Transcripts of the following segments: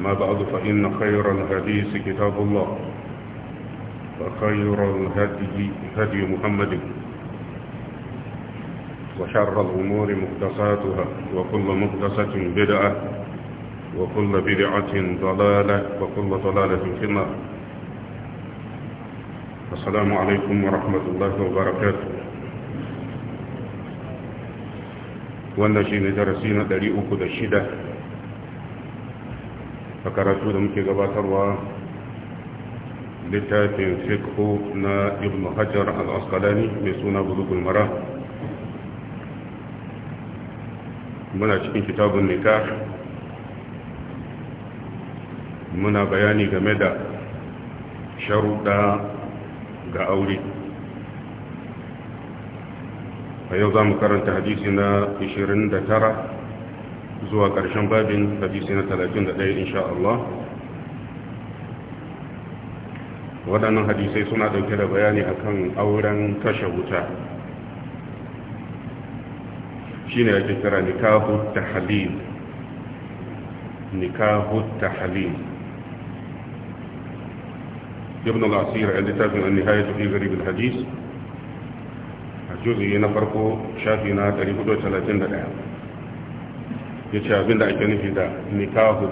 أما بعد فإن خير الحديث كتاب الله وخير الهدي هدي محمد وشر الأمور مقدساتها وكل مقدسة بدعة وكل بدعة ضلالة وكل ضلالة في النار السلام عليكم ورحمة الله وبركاته وانا shi درسينا darasi na 306 a karatu da muke gabatarwa littafin fiqhu na ibn hajar al-asqalani mai suna buzugul mara muna cikin kitabun nikah muna bayani game da sharuɗa ga aure a yau za mu karanta hadisi na 29 zuwa ƙarshen babin hadisi na 31 insha Allah waɗannan hadisai suna ɗauke da bayani akan auren kashe wuta shi ne ake kira nikahu tahalil nikahu tahalil ibn al-asir a littafin an-nihayatu fi gharib al a juzuyi na farko shafi na 431 ya ce da ake nufi da nikahu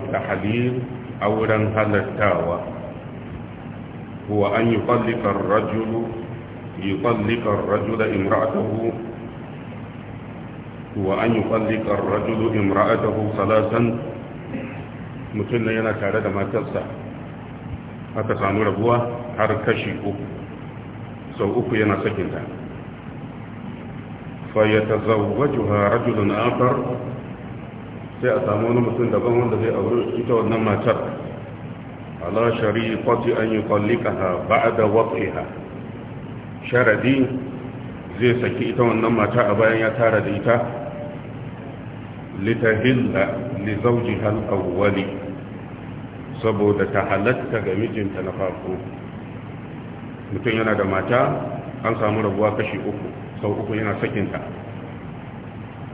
a wurin halattawa Wa an yi kwallikar rajulu yi kwallikar rajula imra'atahu huwa an yi kwallikar rajulu imra'atahu salasan mutum na yana tare da matarsa aka samu rabuwa har kashi uku sau uku yana sakinta fayyata zauwa juha rajulun afar sai a samu wani mutum daban wanda zai auri ita wannan matar ala shariqati an yuqallikaha ba'da wad'iha sharadi zai saki ita wannan mata a bayan ya tara da ita litahilla li zawjiha al-awwali saboda ta halatta ga mijinta na farko mutum yana da mata an samu rabuwa kashi uku sau uku yana sakinta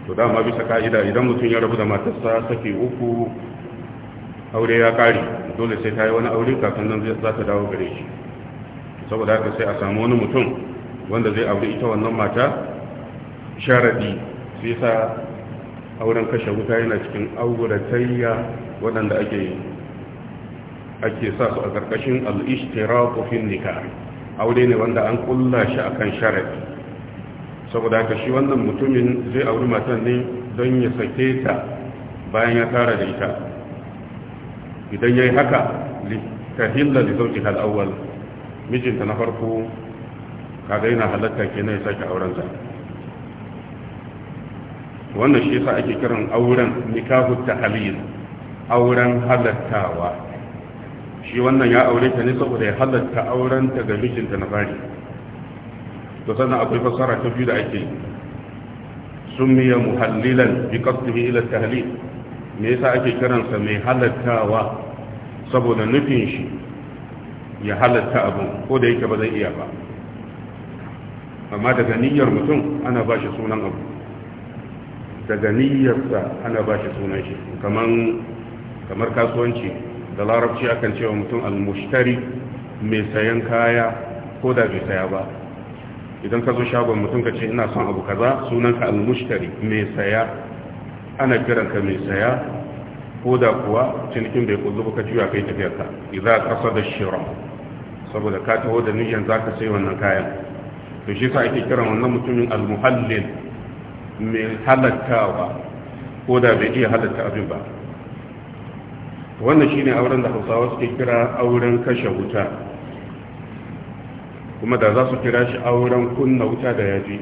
to dama bisa ka'ida idan mutum ya rabu da matarsa saki uku aure ya kare dole sai ta yi wani aure kafin nan za ta dawo gare shi saboda haka sai a samu wani mutum wanda zai aure ita wannan mata sharadi sai sa auren kashe wuta yana cikin auratayya waɗanda ake ake sa su a ƙarƙashin al'ishtira fi nikah aure ne wanda an kulla shi akan sharadi saboda haka shi wannan mutumin zai auri matan ne don ya sake ta bayan ya tara da ita idan ya yi haka kahilla da zauki hal'awwal mijinta na farko kaga yana halatta ke na ya sake aurensa wannan shi yasa ake kiran auren nikahu halil auren halattawa shi wannan ya aure ta ne saboda ya halatta auren ta ga mijinta na fari to sannan akwai fasara ta biyu da ake yi muhallilan محللا بقصده الى التهليل me yasa ake kiransa mai halattawa saboda nufin shi ya halatta abu ko da yake ba zai iya ba amma daga niyyar mutum ana ba shi sunan abu daga niyyarsa ana ba shi sunan shi kamar kasuwanci da larabci akan cewa mutum al-mushtari mai sayan kaya ko da bai saya ba idan ka zo shagon mutum ka ce ina son abu kaza sunanka al-mushtari mai saya ana kiranka mai saya ko da kuwa cinikin bai kuzu ka juya kai tafiyarka idza qasada shira saboda ka taho da niyyar zaka sai wannan kayan to shi sa ake kiran wannan mutumin al-muhallil mai halattawa ko da bai iya halatta abin ba wannan shine auren da Hausawa suke kira auren kashe wuta kuma da za su kira shi auren kunna wuta da yaji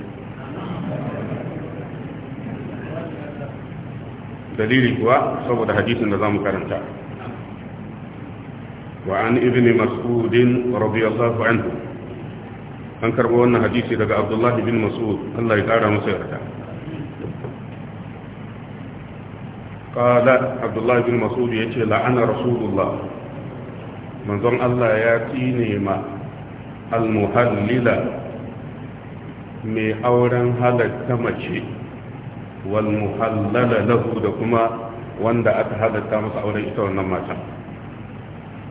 dalili kuwa saboda hadisin da za mu karanta wa an ibn mas'udin radiyallahu anhu an karbo wannan hadisi daga abdullahi bin mas'ud Allah ya kara masa yarda قال عبد الله بن مسعود la'ana لعن رسول الله منظم الله ياتيني ما almuhallila mai auren halatta mace walmuhallala lahu da kuma wanda aka halatta masa auren ita wannan matan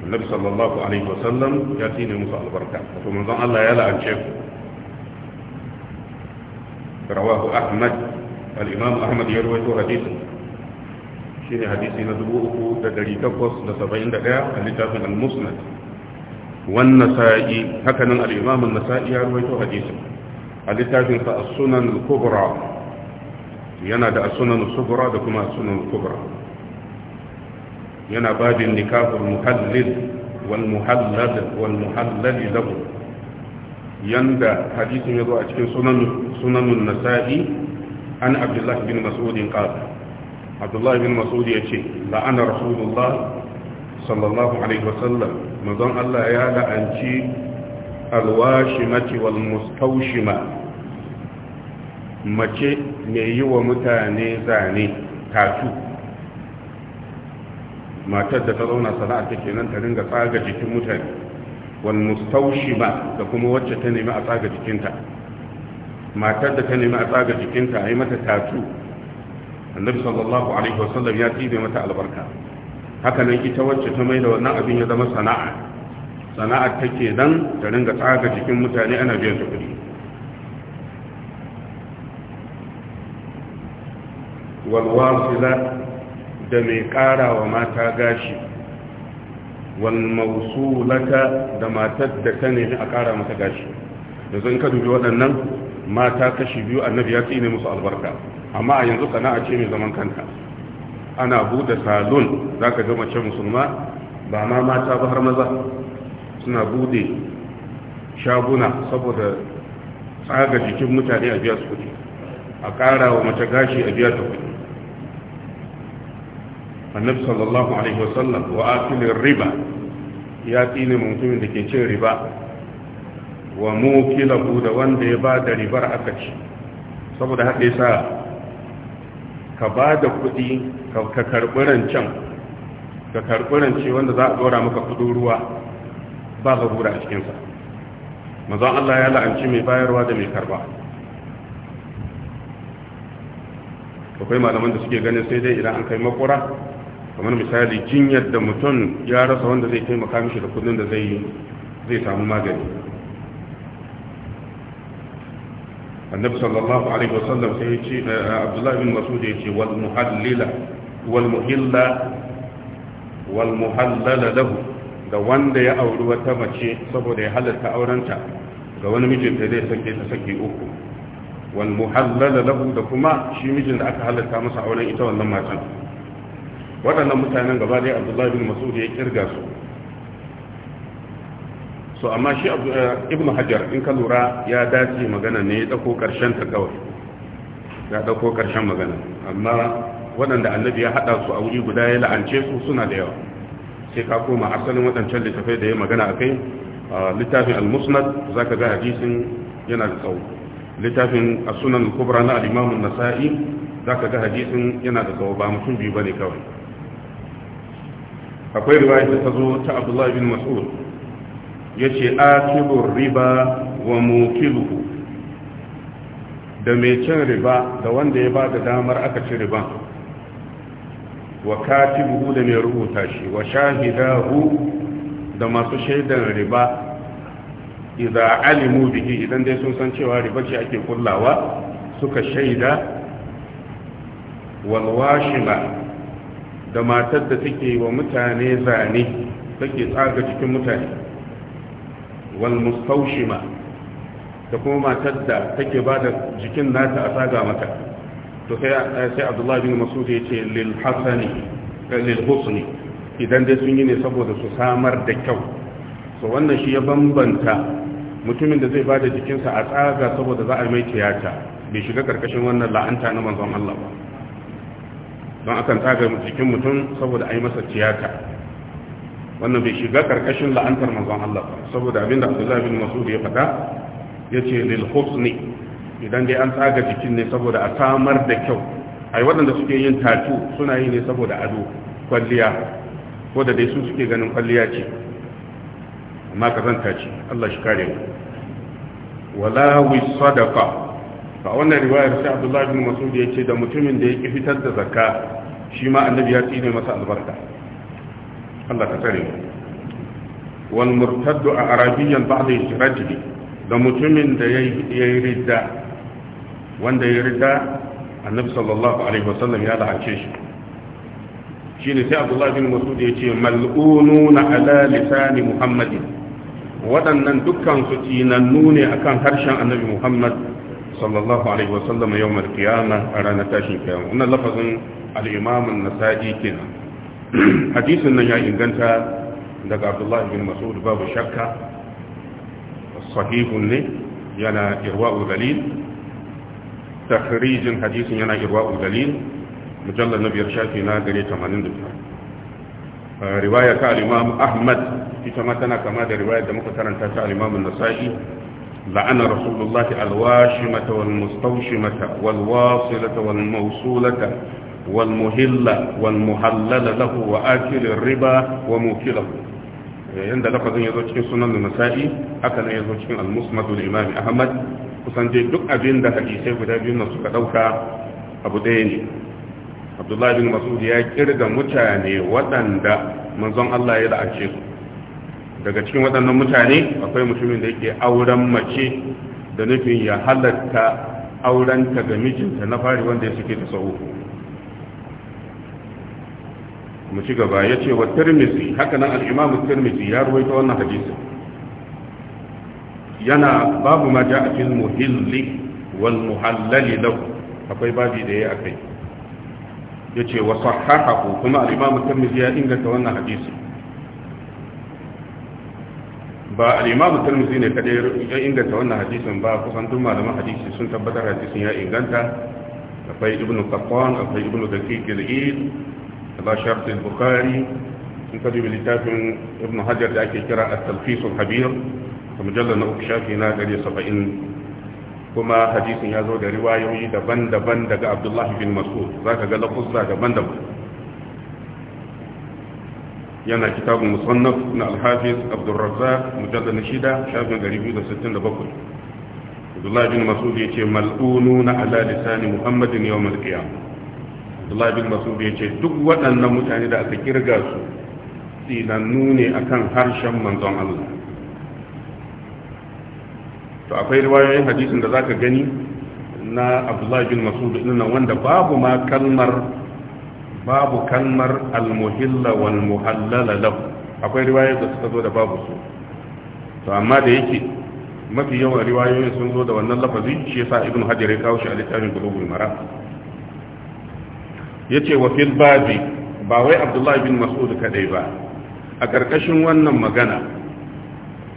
annabi sallallahu alaihi wasallam ya tine musu albarka to manzon Allah ya la'ance ku rawahu ahmad al-imam ahmad ya rawaito hadisi shine hadisi na 3871 a littafin al-musnad wannan sa'i hakanan al'imamun nasa'i ya ruwaito hadisun a littafinsa a sunan kubra yana da sunan kubra da kuma sunan kubra yana babin nikahul muhallil wal muhallal hadisin ya zo a cikin sunan nasa'i an abdullahi bin mas'udin qala abdullahi bin mas'ud ya ce la'ana rasulullah sallallahu alaihi manzon Allah ya la'anci alwashimati wal mustawshima mace mai yi wa mutane zane tatu matar da ta zauna sana'a take nan ta dinga tsaga jikin mutane wal mustawshima da kuma wacce ta nemi a tsaga jikinta matar da ta nemi a tsaga jikinta a yi mata tatu annabi sallallahu alaihi wasallam ya tibe mata albarka haka nan ita wacce ta mai da wannan abin ya zama sana'a sana'a take nan ta ringa tsaga jikin mutane ana biyan su kuɗi walwasila da mai ƙara wa mata gashi walmausulata da matar da ta nemi a ƙara mata gashi da zan ka dubi waɗannan mata kashi biyu annabi ya tsine musu albarka amma a yanzu sana'a ce mai zaman kanta ana bude salon za ka ga mace musulma ba ma mata ba har maza suna bude shaguna saboda tsaga jikin mutane a biya su kudi a ƙara wa mace gashi a biya ta kudi sallallahu alaihi wasallam wa riba ya tsine mutumin da ke cin riba wa kila bude wanda ya ba da ribar aka ci saboda ya sa ka ba da kuɗi ka karɓi rancen ka karɓi rance wanda za a ɗora maka kuɗin ruwa ba zarura a cikinsa mazan Allah ya la'anci mai bayarwa da mai karɓa akwai malaman da suke ganin sai dai idan an kai makura kamar misali jinyar da mutum ya rasa wanda zai taimaka mishi da kuɗin da zai samu magani annabi sallallahu alaihi wasallam sai yace eh, abdullahi bin masud ya ce wal muhallila wal muhilla wal muhallala lahu da wanda ya auri wata mace saboda ya halatta aurenta ga wani mijin da zai sake ta sake uku wal muhallala lahu da kuma shi mijin da aka halatta masa auren ita wannan matan waɗannan mutanen gaba dai abdullahi bin masud ya kirga su so amma shi eh, ibn hajar in ka lura ya dace magana ne ya dauko karshen ta kawai ya dauko karshen magana amma waɗanda annabi ya hada su a wuri guda ya la'ance su suna da yawa sai ka koma asalin waɗancan littafai da ya magana a kai littafin al-musnad zaka ga hadisin yana da tsawo littafin sunan kubra na al-imam nasai zaka ga hadisin yana da tsawo ba mutum biyu bane kawai akwai riwaya ta zo ta Abdullahi bin Mas'ud ya ce akibun riba wa mukiluhu da mai cin riba da wanda ya ba da damar aka ci riba wa katibuhu da mai rubuta shi wa shahidahu da masu shaidan riba idan alimu bihi idan dai sun san cewa riba ce ake kullawa suka shaida walwashima da matar da take wa mutane zane take tsaga cikin mutane wal mustaushima da kuma matar da take ba da jikin nata a saga mata to sai eh, sai Abdullah bin Mas'ud ya ce lil ne eh, idan dai sun yi ne saboda su samar da kyau so wannan shi ya bambanta mutumin da zai bada jikinsa a tsaga saboda za a mai tiyata bai shiga karkashin wannan la'anta na manzon Allah ba don akan tsaga jikin mutum saboda a yi masa tiyata wannan bai shiga karkashin la'antar mazan Allah saboda abinda Abdullah bin Mas'ud ya faɗa yace lil ne idan dai an tsaga jikin ne saboda a samar da kyau ai waɗanda suke yin tatu suna yi ne saboda ado kwalliya ko da dai su suke ganin kwalliya ce amma zanta ce Allah shi kare mu wala wi sadaqa fa wannan riwayar sai Abdullah bin Mas'ud yace da mutumin da ya ki fitar da zakka shi ma annabi ya tsine masa albarka Allah murtadu tsare mu wal murtaddu a arabiyyan ba'da hijratihi da mutumin da yayi ridda wanda yayi ridda annabi sallallahu alaihi wasallam ya lahace shi shine sai Abdullah bin Mas'ud ya ce mal'ununa ala lisani Muhammadin waɗannan dukkan su tinannu ne akan harshen annabi Muhammad sallallahu alaihi wasallam yawmal qiyamah a ranar tashin kiyama lafazin al-Imam an حديث ان ياي انغنتا دغ عبد الله بن مسعود باب الشكه الصحيح ان ينا ارواء الغليل تخريج حديث ينا ارواء الغليل مجلد النبي الشافعي نا غري 82 روايه الإمام احمد في تمتنا كما ده روايه ده مكتر انت قال امام النسائي لعن رسول الله الواشمه والمستوشمه والواصله والموصوله والمهل والمحلل له وآكل الربا وموكله عند لفظ يزوجك سنن النسائي هكذا يزوجك المسند الإمام أحمد kusanje duk abin da hadisai guda biyu na suka dauka abu ɗaya ne abdullahi bin masud ya kirga mutane waɗanda manzon Allah ya la'ace su daga cikin waɗannan mutane akwai mutumin da yake auren mace da nufin ya halatta aurenta ga mijinta na fari wanda ya suke da sau mu ci gaba ya ce wa tirmizi haka nan al'imamu tirmizi ya ruwaita wannan hadisin yana babu ma ja a cikin muhilli wal muhallali lahu akwai babi da ya akai ya ce wa sahahahu kuma al'imamu tirmizi ya inganta wannan hadisin ba al'imamu tirmizi ne kadai ya inganta wannan hadisin ba kusan duk malaman hadisi sun tabbatar hadisin ya inganta akwai ibnu qattan akwai ibnu dakiq al-eid ala shartin bukari sun ka dubi littafin ibn hajar da ake kira a talfisul habir da mujallar na uku shafi na gari saba'in kuma hadisin ya zo da riwayoyi daban-daban daga abdullahi bin mas'ud za ka ga lafuzza daban-daban yana kitabun musannaf na alhafiz abdulrazzaq mujallal na shida shafin 267 abdullahi bin masud ya ce mal'unu na ala lisani muhammadin Abdullah bin Mas'ud ya ce duk waɗannan mutane da aka kirga su tsinannu ne akan harshen manzon Allah to akwai riwayoyin hadisin da zaka gani na Abdullah bin Mas'ud din wanda babu ma kalmar babu kalmar al-muhilla wal muhallala lahu akwai riwayoyin da suka zo da babu su to amma da yake mafi yawan riwayoyin sun zo da wannan lafazi shi yasa ibnu hajar ya kawo shi a littafin bulugul maram yace wa fil babi ba wai abdullahi bin mas'ud kadai ba a karkashin wannan magana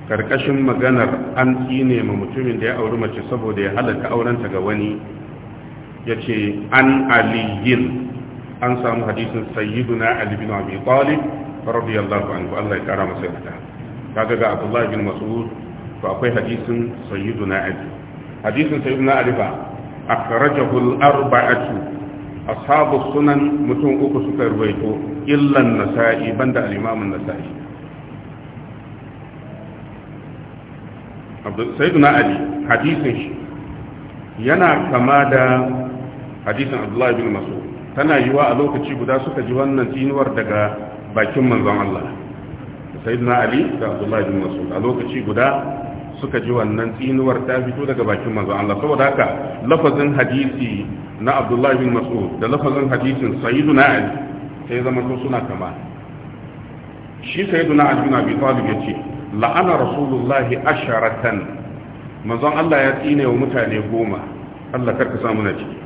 karkashin maganar an tsine ma mutumin da ya auri mace saboda ya halatta aurenta ga wani yace an aliyin an samu hadisin sayyiduna ali bin abi talib radiyallahu anhu Allah ya kara masa yarda kaga ga abdullahi bin mas'ud to akwai hadisin sayyiduna ali hadisin sayyiduna ali ba akhrajahu al-arba'atu ashabu sunan mutum uku suka ruwaito illan nasa'i banda al-imamun nasa'i sayyiduna ali hadisin shi yana kama da hadisin abdullahi bin mas'ud tana yiwa a lokaci guda suka ji wannan tsinuwar daga bakin manzon Allah sayyiduna ali da abdullahi bin mas'ud a lokaci guda suka ji wannan tsinuwar ta fito daga bakin manzon Allah saboda haka lafazin hadisi na Abdullah bin Mas'ud da lafazin hadisin Sayyiduna Ali sai zama to suna kama shi Sayyiduna Ali bin Abi Talib yace la'ana Rasulullahi asharatan manzon Allah ya tsine wa mutane goma Allah karka samu na ciki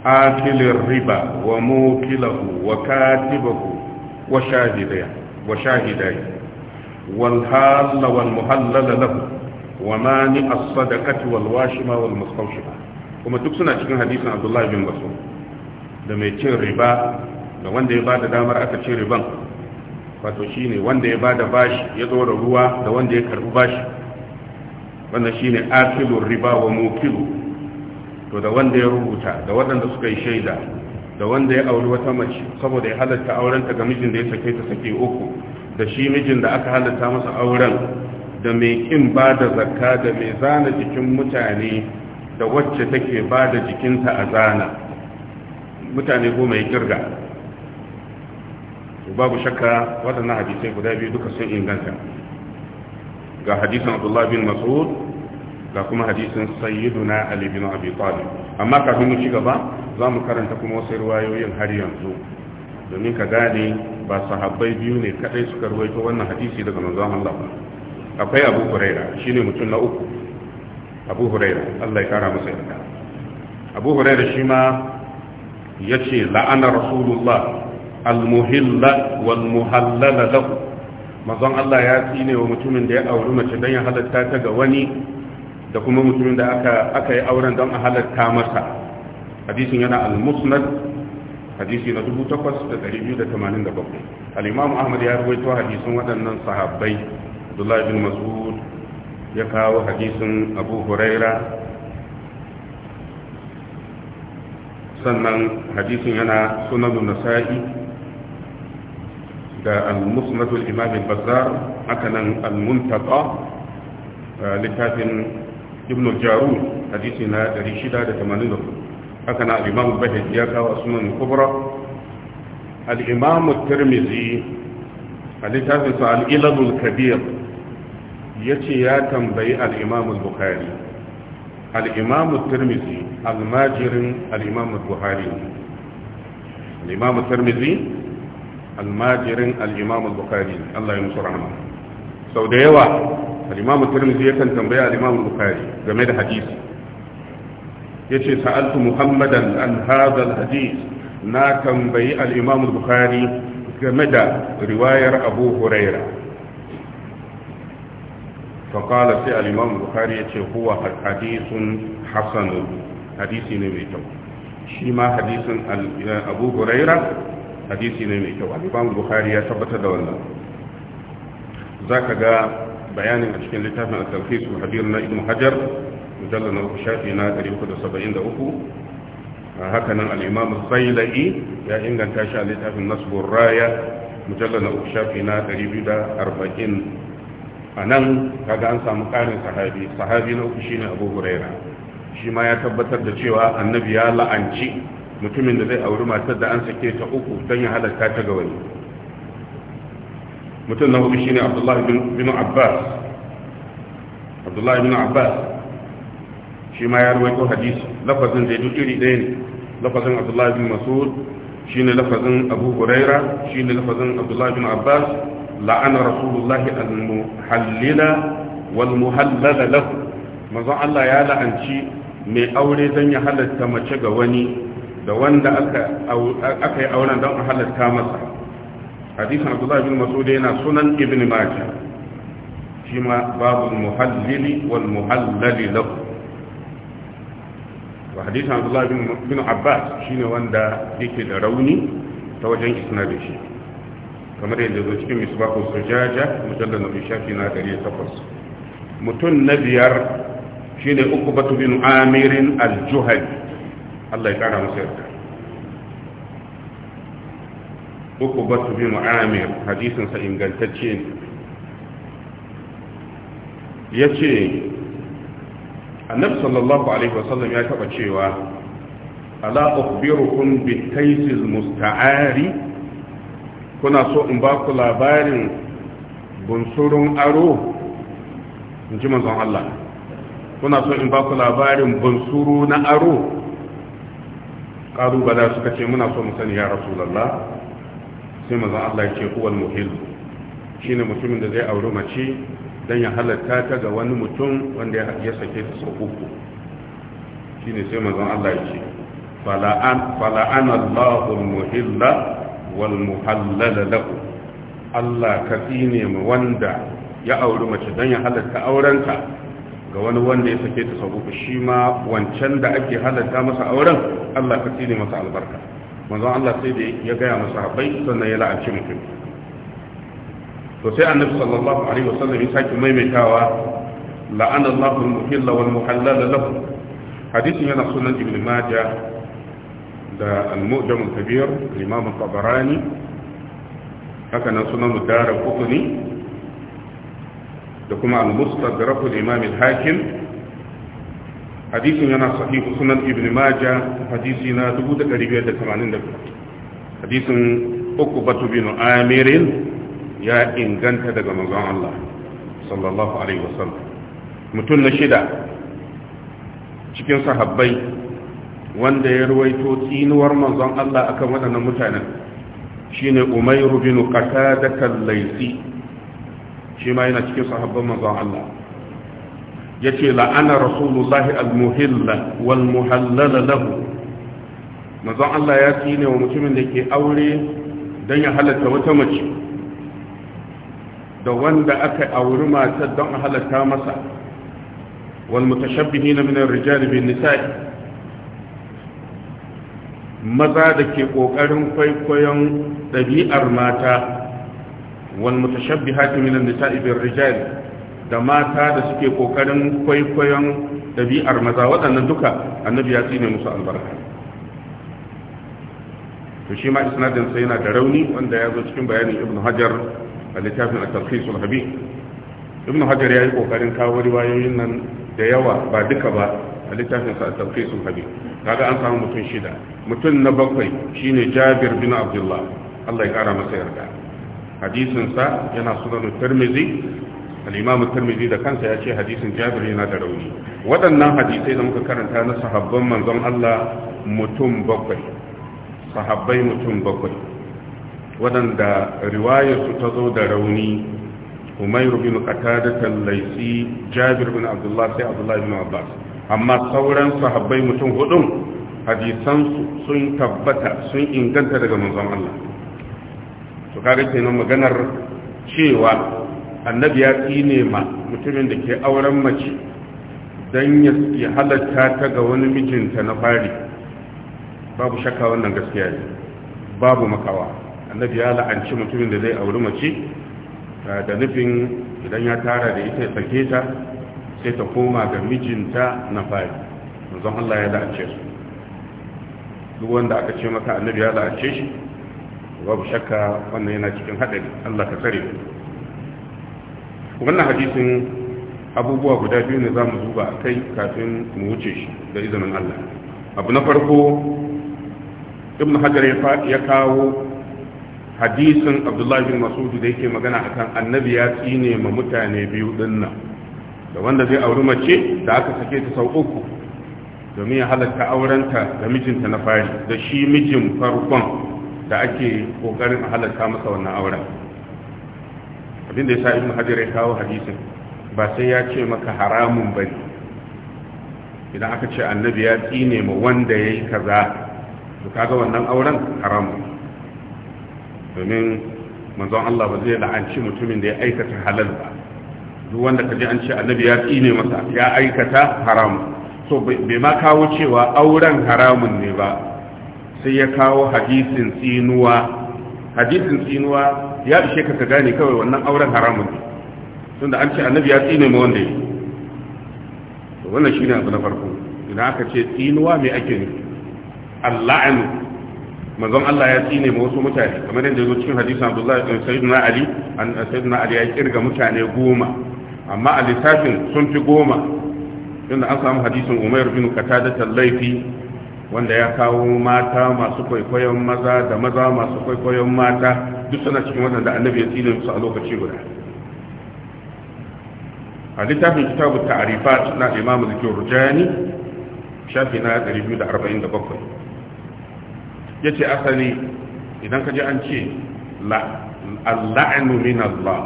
akilir riba wa mukilahu wa katibahu wa shahidaya wa shahidaya والهال والمهلل له ومانع الصدقة والواشمة والمستوشمة kuma duk suna cikin hadisin abdullahi bin mas'ud da mai cin riba da wanda ya bada damar aka cin riban wato shine wanda ya bada bashi ya tsora ruwa da wanda ya karbi bashi wannan shine akilur riba wa mukilu to da wanda ya rubuta da waɗanda suka yi shaida da wanda ya auri wata mace saboda ya halatta aurenta ga mijin da ya sake ta sake uku da shi mijin da aka halitta masa auren da mai kin ba da zakka da mai zana jikin mutane da wacce take ba da jikinta a zana mutane goma ya kirga babu shakka waɗannan hadisai guda biyu duka sun inganta ga hadisan abdullahi bin mas'ud ga kuma Sayyidu sayyiduna ali bin abi talib amma kafin mu ci gaba za mu karanta kuma wasu riwayoyin har yanzu domin ka gane ba sahabbai biyu ne kadai suka ruwaito wannan hadisi daga manzon Allah ba akwai Abu Huraira shine mutum na uku Abu Huraira Allah ya kara masa yarda Abu Huraira shi ma yace la'ana Rasulullah al-muhilla wal muhallala lahu manzon Allah ya tsine wa mutumin da ya auri mace dan ya halatta ta ga wani da kuma mutumin da aka aka yi auren don a halatta masa hadisin yana al-musnad hadisi na 8287 al-imam ahmad ya rawaito hadisin waɗannan sahabbai abdullahi bin mas'ud ya kawo hadisin abu huraira sannan hadisin yana sunanun nasa'i da al-musnadul imam al-bazzar haka nan al-muntaqa eh, littafin ibn al-jarud hadisi na 684 حسن الإمام البهجية وسنن الكبرى الإمام الترمذي حديث سأل إلد الكبير يتي يا الإمام البخاري الإمام الترمذي الماجر الإمام البخاري الإمام الترمذي الماجر الإمام البخاري الله ينصر عنه سوديوا الإمام الترمذي يتن تنبيه الإمام البخاري جميل حديثي yace sa'altu muhammadan an hadha hadis na tambayi al-imam game da riwayar abu huraira fa qala sai al-imam al-bukhari yace huwa hadithun hasan hadisi ne mai kyau shi ma hadisin abu huraira hadisi ne mai kyau al-imam ya tabbata da wannan zaka ga bayanin a cikin littafin al-tafsir na ibn hajar mujallar na shafi na 373 haka nan al'imamu saila'i ya inganta shi a littafin nasbun raya mujallar na shafi na 240 a nan kaga an samu ƙarin sahabi sahabi na uku shine abu huraira shi ma ya tabbatar da cewa annabi ya la'anci mutumin da zai auri matar da an sake ta uku don ya halarta ta ga wani mutum na hudu shine abdullahi bin abbas abdullahi bin abbas shi ma ya rawaito hadisi lafazin zai duk iri ɗaya ne lafazin abdullahi bin masud shi ne lafazin abu huraira shi ne lafazin abdullahi bin abbas la'ana rasulullahi al-muhallila wal muhallala lahu manzon Allah ya la'anci mai aure zan ya halatta mace ga wani da wanda aka yi auren don a halatta masa hadisin abdullahi bin masud yana sunan ibn majah shi ma babu muhallili wal muhallali lahu wa hadisin abdullahi bin abbas shine wanda yake da rauni ta wajen isnadin shi kamar yadda zo cikin misbahul sujaja mujallal nabi shafi na takwas mutun na biyar shine ukubatu bin amirin al juhad Allah ya kara masa yarda ukubatu bin amir hadisin sa ingantacce ne yace annabi sallallahu alaihi wasallam ya taba cewa ala ukhbirukum bitaysil musta'ari kuna so in ba ku labarin bunsurun aro in ji manzon Allah kuna so in ba ku labarin bunsuru na aro qalu bala suka ce muna so mu sani ya rasulullah sai manzon Allah ya ce huwal muhil shine mutumin da zai aure mace don ya halatta ta ga wani mutum wanda ya sake ta sau uku shi ne sai mazan Allah ya ce fala'an Allahul muhilla wal muhallala lahu Allah ka tsine ma wanda ya auri mace don ya halatta aurenta ga wani wanda ya sake ta sau uku shi ma wancan da ake halatta masa auren Allah ka tsine masa albarka manzon Allah sai da ya gaya masa habai sannan ya la'anci mutum to sai annabi sallallahu alaihi wasallam ya sake maimaitawa la'ana Allahu al-muhilla wal muhallala lahu hadisin yana sunan ibn majah da al-mu'jam al-kabir imam al-tabarani haka nan sunan mudara qutni da kuma al-mustadrak al-imam al-hakim hadisin yana sahih sunan ibn majah hadisi na 1582 hadisin uku batu bin amirin ya inganta daga manzon Allah sallallahu alaihi wasallam mutum na shida cikin sahabbai wanda ya ruwaito tsinuwar manzon Allah akan waɗannan mutanen shine Umayr bin Qatada al-Laysi shi ma yana cikin sahabban manzon Allah yace la'ana rasulullahi al-muhilla wal muhallala lahu manzon Allah ya tsine wa mutumin da ke aure dan ya halatta wata mace da wanda aka auri matar don halatta masa wal mutashabbihina min ar-rijali bin nisa'i maza da ke ƙoƙarin kwaikwayon ɗabi'ar mata wal mutashabbi hatimin da ta'ibin rijal da mata da suke ƙoƙarin kwaikwayon ɗabi'ar maza waɗannan duka annabi ya tsine musu albarka to shi ma isnadin sai yana da rauni wanda ya zo cikin bayanin ibn hajar a littafin at-talqisul habib ibn hajar yi kokarin kawo riwayoyin nan da yawa ba duka ba a littafin sa at-talqisul habib kaga an samu mutum shida mutum na bakwai shine jabir bin abdullah Allah ya kara masa yarda hadisin sa yana sunan tirmidhi al-imam tirmidhi da kansa ya ce hadisin jabir yana da rauni waɗannan hadisai da muka karanta na sahabban manzon Allah mutum bakwai sahabbai mutum bakwai waɗanda su ta zo da rauni umairu bin qatada tallaisi jabir bin abdullah sai abdullah bin abbas amma sauran sahabbai mutum hudun hadisansu sun tabbata sun inganta daga manzon Allah to kaga kenan maganar cewa annabi ya tsine ma mutumin da ke auren mace don ya halatta ta ga wani mijinta na fari babu shakka wannan gaskiya ne babu makawa annabi ya la'anci mutumin da zai auri mace da nufin idan ya tara da ita ya sake ta sai ta koma ga mijinta na fari zan Allah ya la'ance su duk wanda aka ce maka annabi ya la'ance shi babu shakka wannan yana cikin haɗari Allah ka tsare wannan hadisin abubuwa guda biyu ne za mu zuba a kai kafin mu wuce shi da izinin Allah abu na farko ibn hajar ya kawo hadisin abdullahi bin masudu da yake magana a kan annabi ya tsine ma mutane biyu dinnan da wanda zai auri mace da aka sake ta sau uku domin ya halatta aurenta da mijinta na fari da shi mijin farkon da ake kokarin halatta masa wannan auren Abin da ya sa ibn hajar ya kawo hadisin ba sai ya ce maka haramun ba ne, idan aka ce annabi ya tsine ma wanda ya yi kaza to kaga wannan auren haramun domin manzon Allah ba zai la'anci mutumin da ya aikata halal ba duk wanda kaje an ce annabi ya tsine masa ya aikata haram so bai ma kawo cewa auren haramun ne ba sai ya kawo hadisin tsinuwa hadisin tsinuwa ya ishe ka gane kawai wannan auren haramun ne tunda an ce annabi ya tsine ma wanda ya to wannan shine abu na farko idan aka ce tsinuwa me ake nufi al-la'nu manzon Allah ya tsine ma wasu mutane kamar yadda zo cikin hadisin Abdullahi bin Sayyidina Ali an Sayyidina Ali ya kirga mutane goma amma a lissafin sun fi goma inda an samu hadisin Umar bin Qatada Laifi wanda ya kawo mata masu kwaikwayon maza da maza masu kwaikwayon mata duk suna cikin wadanda annabi ya tsine musu a lokaci guda a littafin kitabu ta'arifat na Imam Zakir Rujani shafi na 247 ya ce asali idan ka ji an ce la'anu min Allah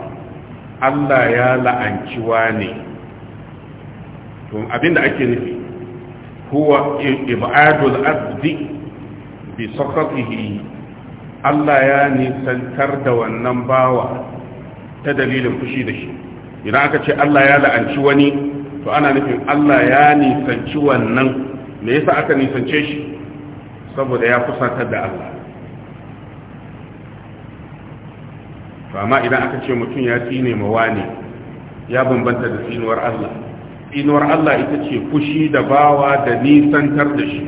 Allah ya la'anci wani, to abinda ake nufi huwa ibadul abdi bi sakatihi Allah ya nisantar da wannan bawa ta dalilin fushi da shi idan aka ce Allah ya la'anci wani to ana nufin Allah ya nisanci wannan me yasa aka nisance shi saboda ya kusantar da Allah to amma idan aka ce mutum ya tsine mawa ne ya bambanta da tsinuwar Allah tsinuwar Allah ita ce fushi da bawa da nisantar da shi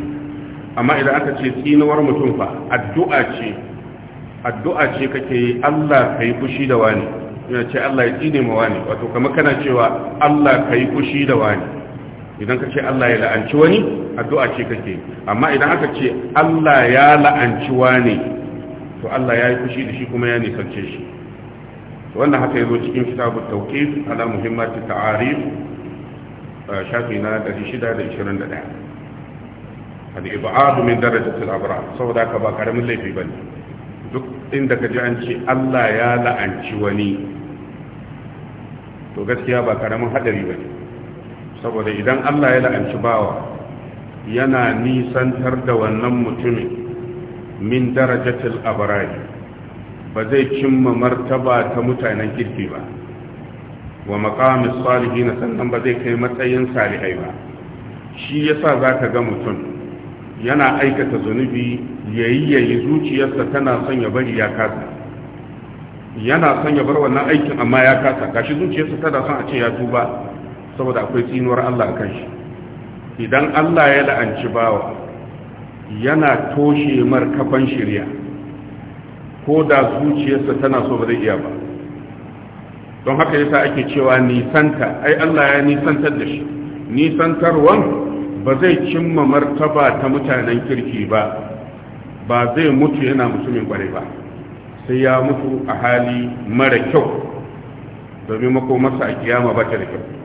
amma idan aka ce tsinuwar mutum fa addu'a ce addu'a ce kake yi Allah kai fushi da wani yana ce Allah ya tsine mawa ne wato kamar kana cewa Allah kai fushi da wani idan ka ce Allah ya la'anci wani addu'a ce kake amma idan aka ce Allah ya la'anci wane to Allah ya yi fushi da shi kuma ya nisance shi wannan haka yazo cikin kitabut tawqif ala muhimmati ta'arif shafi na 621 hadi ibadu min darajati al-abrar saboda ka ba karamin laifi bane duk inda ka ji an ce Allah ya la'anci wani to gaskiya ba karamin hadari bane saboda idan Allah ya la'anci bawa yana nisantar da wannan mutumin min darajatul abrar ba zai cimma martaba ta mutanen kirki ba wa maqamis salihin sannan ba zai kai matsayin salihai ba shi yasa zaka ga mutum yana aikata zunubi yayi yayi zuciyarsa tana son ya bari ya kasa yana son ya bar wannan aikin amma ya kasa gashi zuciyarsa tana son a ce ya tuba saboda akwai tsinuwar Allah kan shi idan Allah ya la'anci bawa yana toshe markafan shirya ko da zuciyarsa tana so ba zai iya ba don haka yasa ake cewa nisanta ai Allah ya nisantar da shi nisantarwan ba zai cimma martaba ta mutanen kirki ba ba zai mutu yana mutumin kware ba sai ya mutu a hali mara kyau domin mako masa a kiyama ba ta da kyau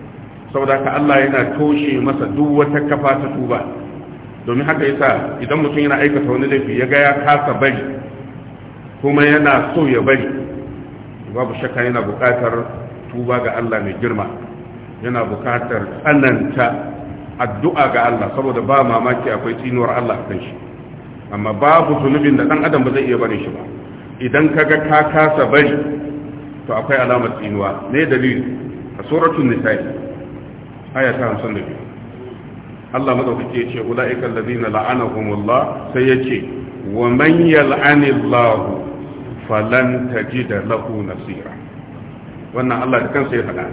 saboda ka Allah yana toshe masa duk wata kafa ta tuba domin haka yasa idan mutum yana aikata wani laifi ya ga ya kasa bari kuma yana so ya bari babu shakka yana buƙatar tuba ga Allah mai girma yana buƙatar tsananta addu'a ga Allah saboda ba mamaki akwai tsinuwar Allah kan shi amma babu zunubin da ɗan adam ba zai iya barin shi ba idan ka ga ka kasa bari to akwai alamar tsinuwa ne dalili a suratul nisa'i aya ta biyu Allah madaukake ya ce ulaika allazina la'anahumullah sai yake wa man yal'anillahu falan tajida lahu nasira wannan Allah da kansa ya faɗa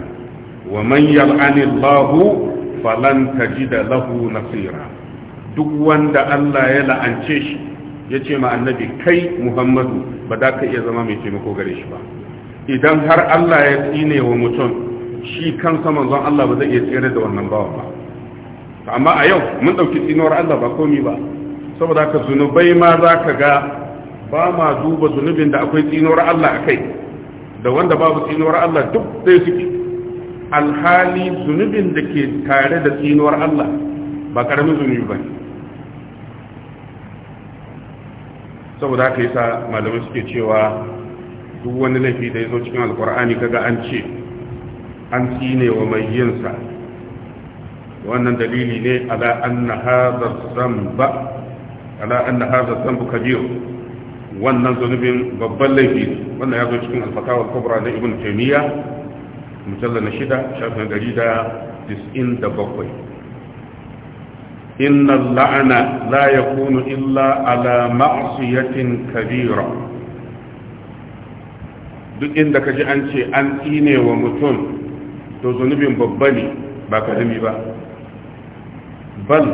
wa man yal'anillahu falan tajida lahu nasira duk wanda Allah ya la'ance shi ya ce ma annabi kai Muhammadu ba za ka iya zama mai taimako gare shi ba idan har Allah ya tsine wa mutum shi kan saman zan Allah ba zai iya tsere da wannan bawan ba amma a yau mun ɗauki tsinuwar Allah ba komi ba saboda ka zunubai ma za ka ga ba ma duba zunubin da akwai tsinuwar Allah a kai da wanda babu tsinuwar Allah duk sai suke alhali zunubin da ke tare da tsinuwar Allah ba karamin zunubi ba saboda haka sa malamai suke cewa duk wani laifi da ya zo cikin alkur'ani kaga an ce an tsine wa mai yinsa wannan dalili ne ala anna hadha zamba ala anna wannan zunubin babban laifi ne wannan ya zo cikin al-fatawa kubra na ibn Taimiyya. Mujalla na shida shafin gari da tis'in da bakwai inna la'ana la kunu illa ala ma'siyatin kabira duk inda ka ji an ce an tsine wa mutum to zunubin babba ne ba karami ba bal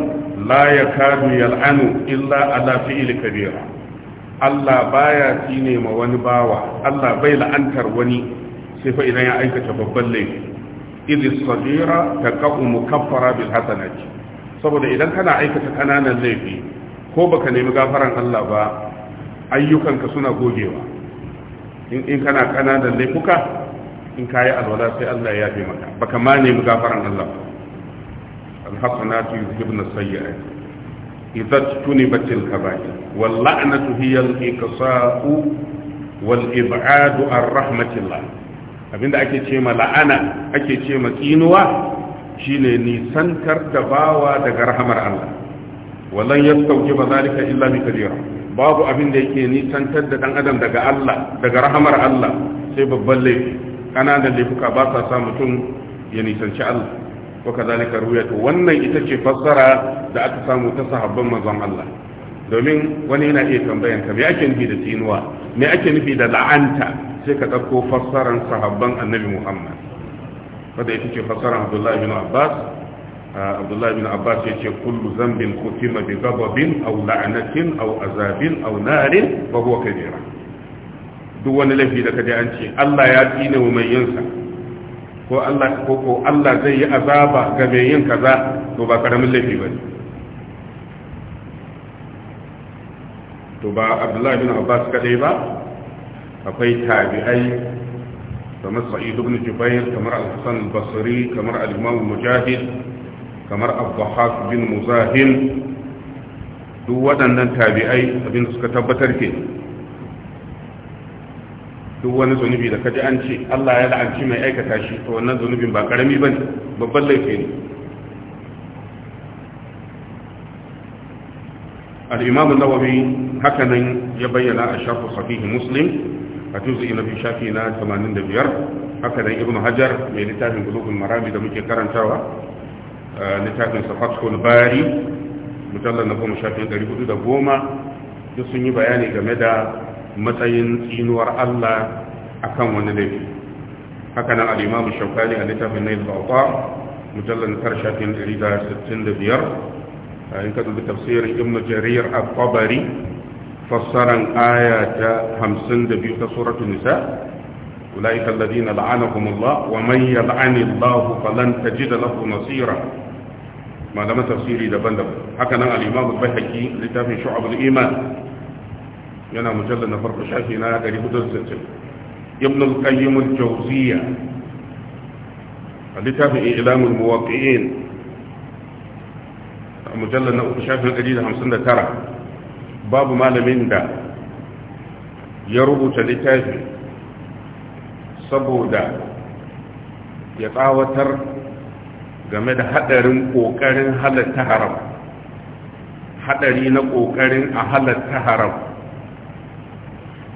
la yakadu yal'anu illa ala fi'il kabira Allah baya sine ma wani bawa Allah bai la'antar wani sai fa idan ya aikata babban laifi idis sabira taqu mukaffara bil hasanati saboda idan kana aikata kananan laifi ko baka nemi gafaran Allah ba ayyukanka suna gogewa in kana kananan laifuka in kayi alwala sai Allah ya yafe maka baka ma nemi gafaran Allah alhasanatu yuzhibna sayyi'at idza tunibatil kaba'ir wal la'natu hiya al iqsa'u wal ib'adu ar rahmatillah abinda ake ce ma la'ana ake ce ma tsinuwa shine nisantar da bawa daga rahamar Allah wallan yastawjiba zalika illa bi kadira babu abin da yake nisantar da dan adam daga Allah daga rahmar Allah sai babban laifi ƙananan laifuka ba sa sa mutum ya nisanci Allah ka kazalika ruwayatu wannan ita ce fassara da aka samu ta sahabban manzon Allah domin wani yana iya tambayan ka me ake nufi da tinuwa me ake nufi da la'anta sai ka ɗauko fassaran sahabban annabi Muhammad wanda ita ce fassaran Abdullahi bin Abbas Abdullahi bin Abbas ya ce kullu zambin kutima bi Gababin, aw la'anatin aw azabin aw narin fa huwa kabira duk wani laifi da ka je an ce Allah ya tsine wa mai yinsa ko Allah ko ko Allah zai yi azaba ga mai yin kaza to ba karamin laifi ba ne? to ba Abdullahi bin Abbas kadai ba akwai tabi'ai kamar Sa'id ibn Jubair kamar Al-Hasan basri kamar Al-Imam Mujahid kamar Abdullah bin Muzahim duk waɗannan tabi'ai abin da suka tabbatar ke duk wani zunubi da kaji an ce Allah ya la'anci mai aikata shi to wannan zunubin ba karami bane babban laifi ne al-imam an-nawawi hakanan ya bayyana a shafu sahih muslim a juz'i na shafi na 85 hakanan ibnu hajar mai littafin bulugul marami da muke karantawa littafin safatul bari mujallal na 10 shafi 410 duk sun yi bayani game da matsayin tsinuwar Allah akan wani laifi haka nan al a littafin na ilbauta mujallar na shafin 165 a yin da tafsirin ibn jarir a kwabari. fassaran aya ta 52 ta suratul nisa أولئك الذين لعنهم الله ومن يلعن الله فلن تجد له نصيرا ما daban تفسيري دبن دبن هكذا الإمام البيهقي littafin شعب Iman. yana mujallar na farko shafi na 460 ibn al-qayyim al-jawziyya littafin ilamul muwaqqi'in mujallar na uku shafi na 159 babu malamin da ya rubuta littafi saboda ya tsawatar game da hadarin kokarin halatta haram hadari na kokarin a halatta haram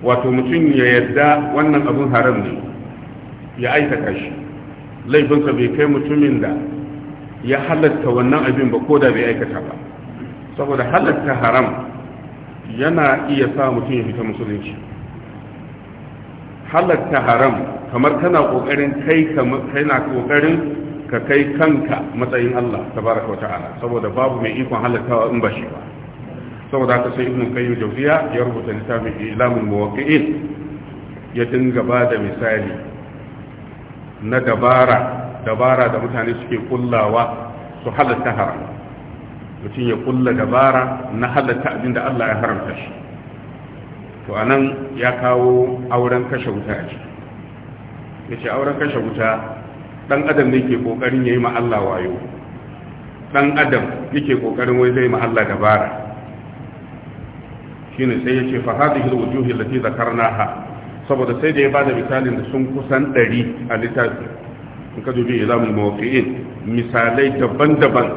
wato mutum ya yarda wannan abin haram ne ya aikata shi laifinsa bai kai mutumin da ya halatta wannan abin ba ko da bai aikata ba saboda halatta haram yana iya sa mutum ya fita musulunci halatta haram kamar kana kokarin kai kana kokarin ka kai kanka matsayin Allah tabaraka wa ta'ala saboda babu mai ikon halattawa in ba shi ba saboda haka sai ibn qayyim jawfiya ya rubuta littafin ilamul muwaqqi'in ya dinga ba da misali na dabara dabara da mutane suke kullawa su halatta haram mutum ya kulla dabara na halatta abin da Allah ya haramta shi to anan ya kawo auren kashe wuta a ciki yace auren kashe wuta dan adam ne ke kokarin yayi ma Allah wayo dan adam yake kokarin wai zai ma Allah dabara shine sai ce fa hadhihi alwujuhi allati zakarnaha saboda sai da ya bada misalin da sun kusan 100 a littafi in ka dubi ilamul mawqi'in misalai daban-daban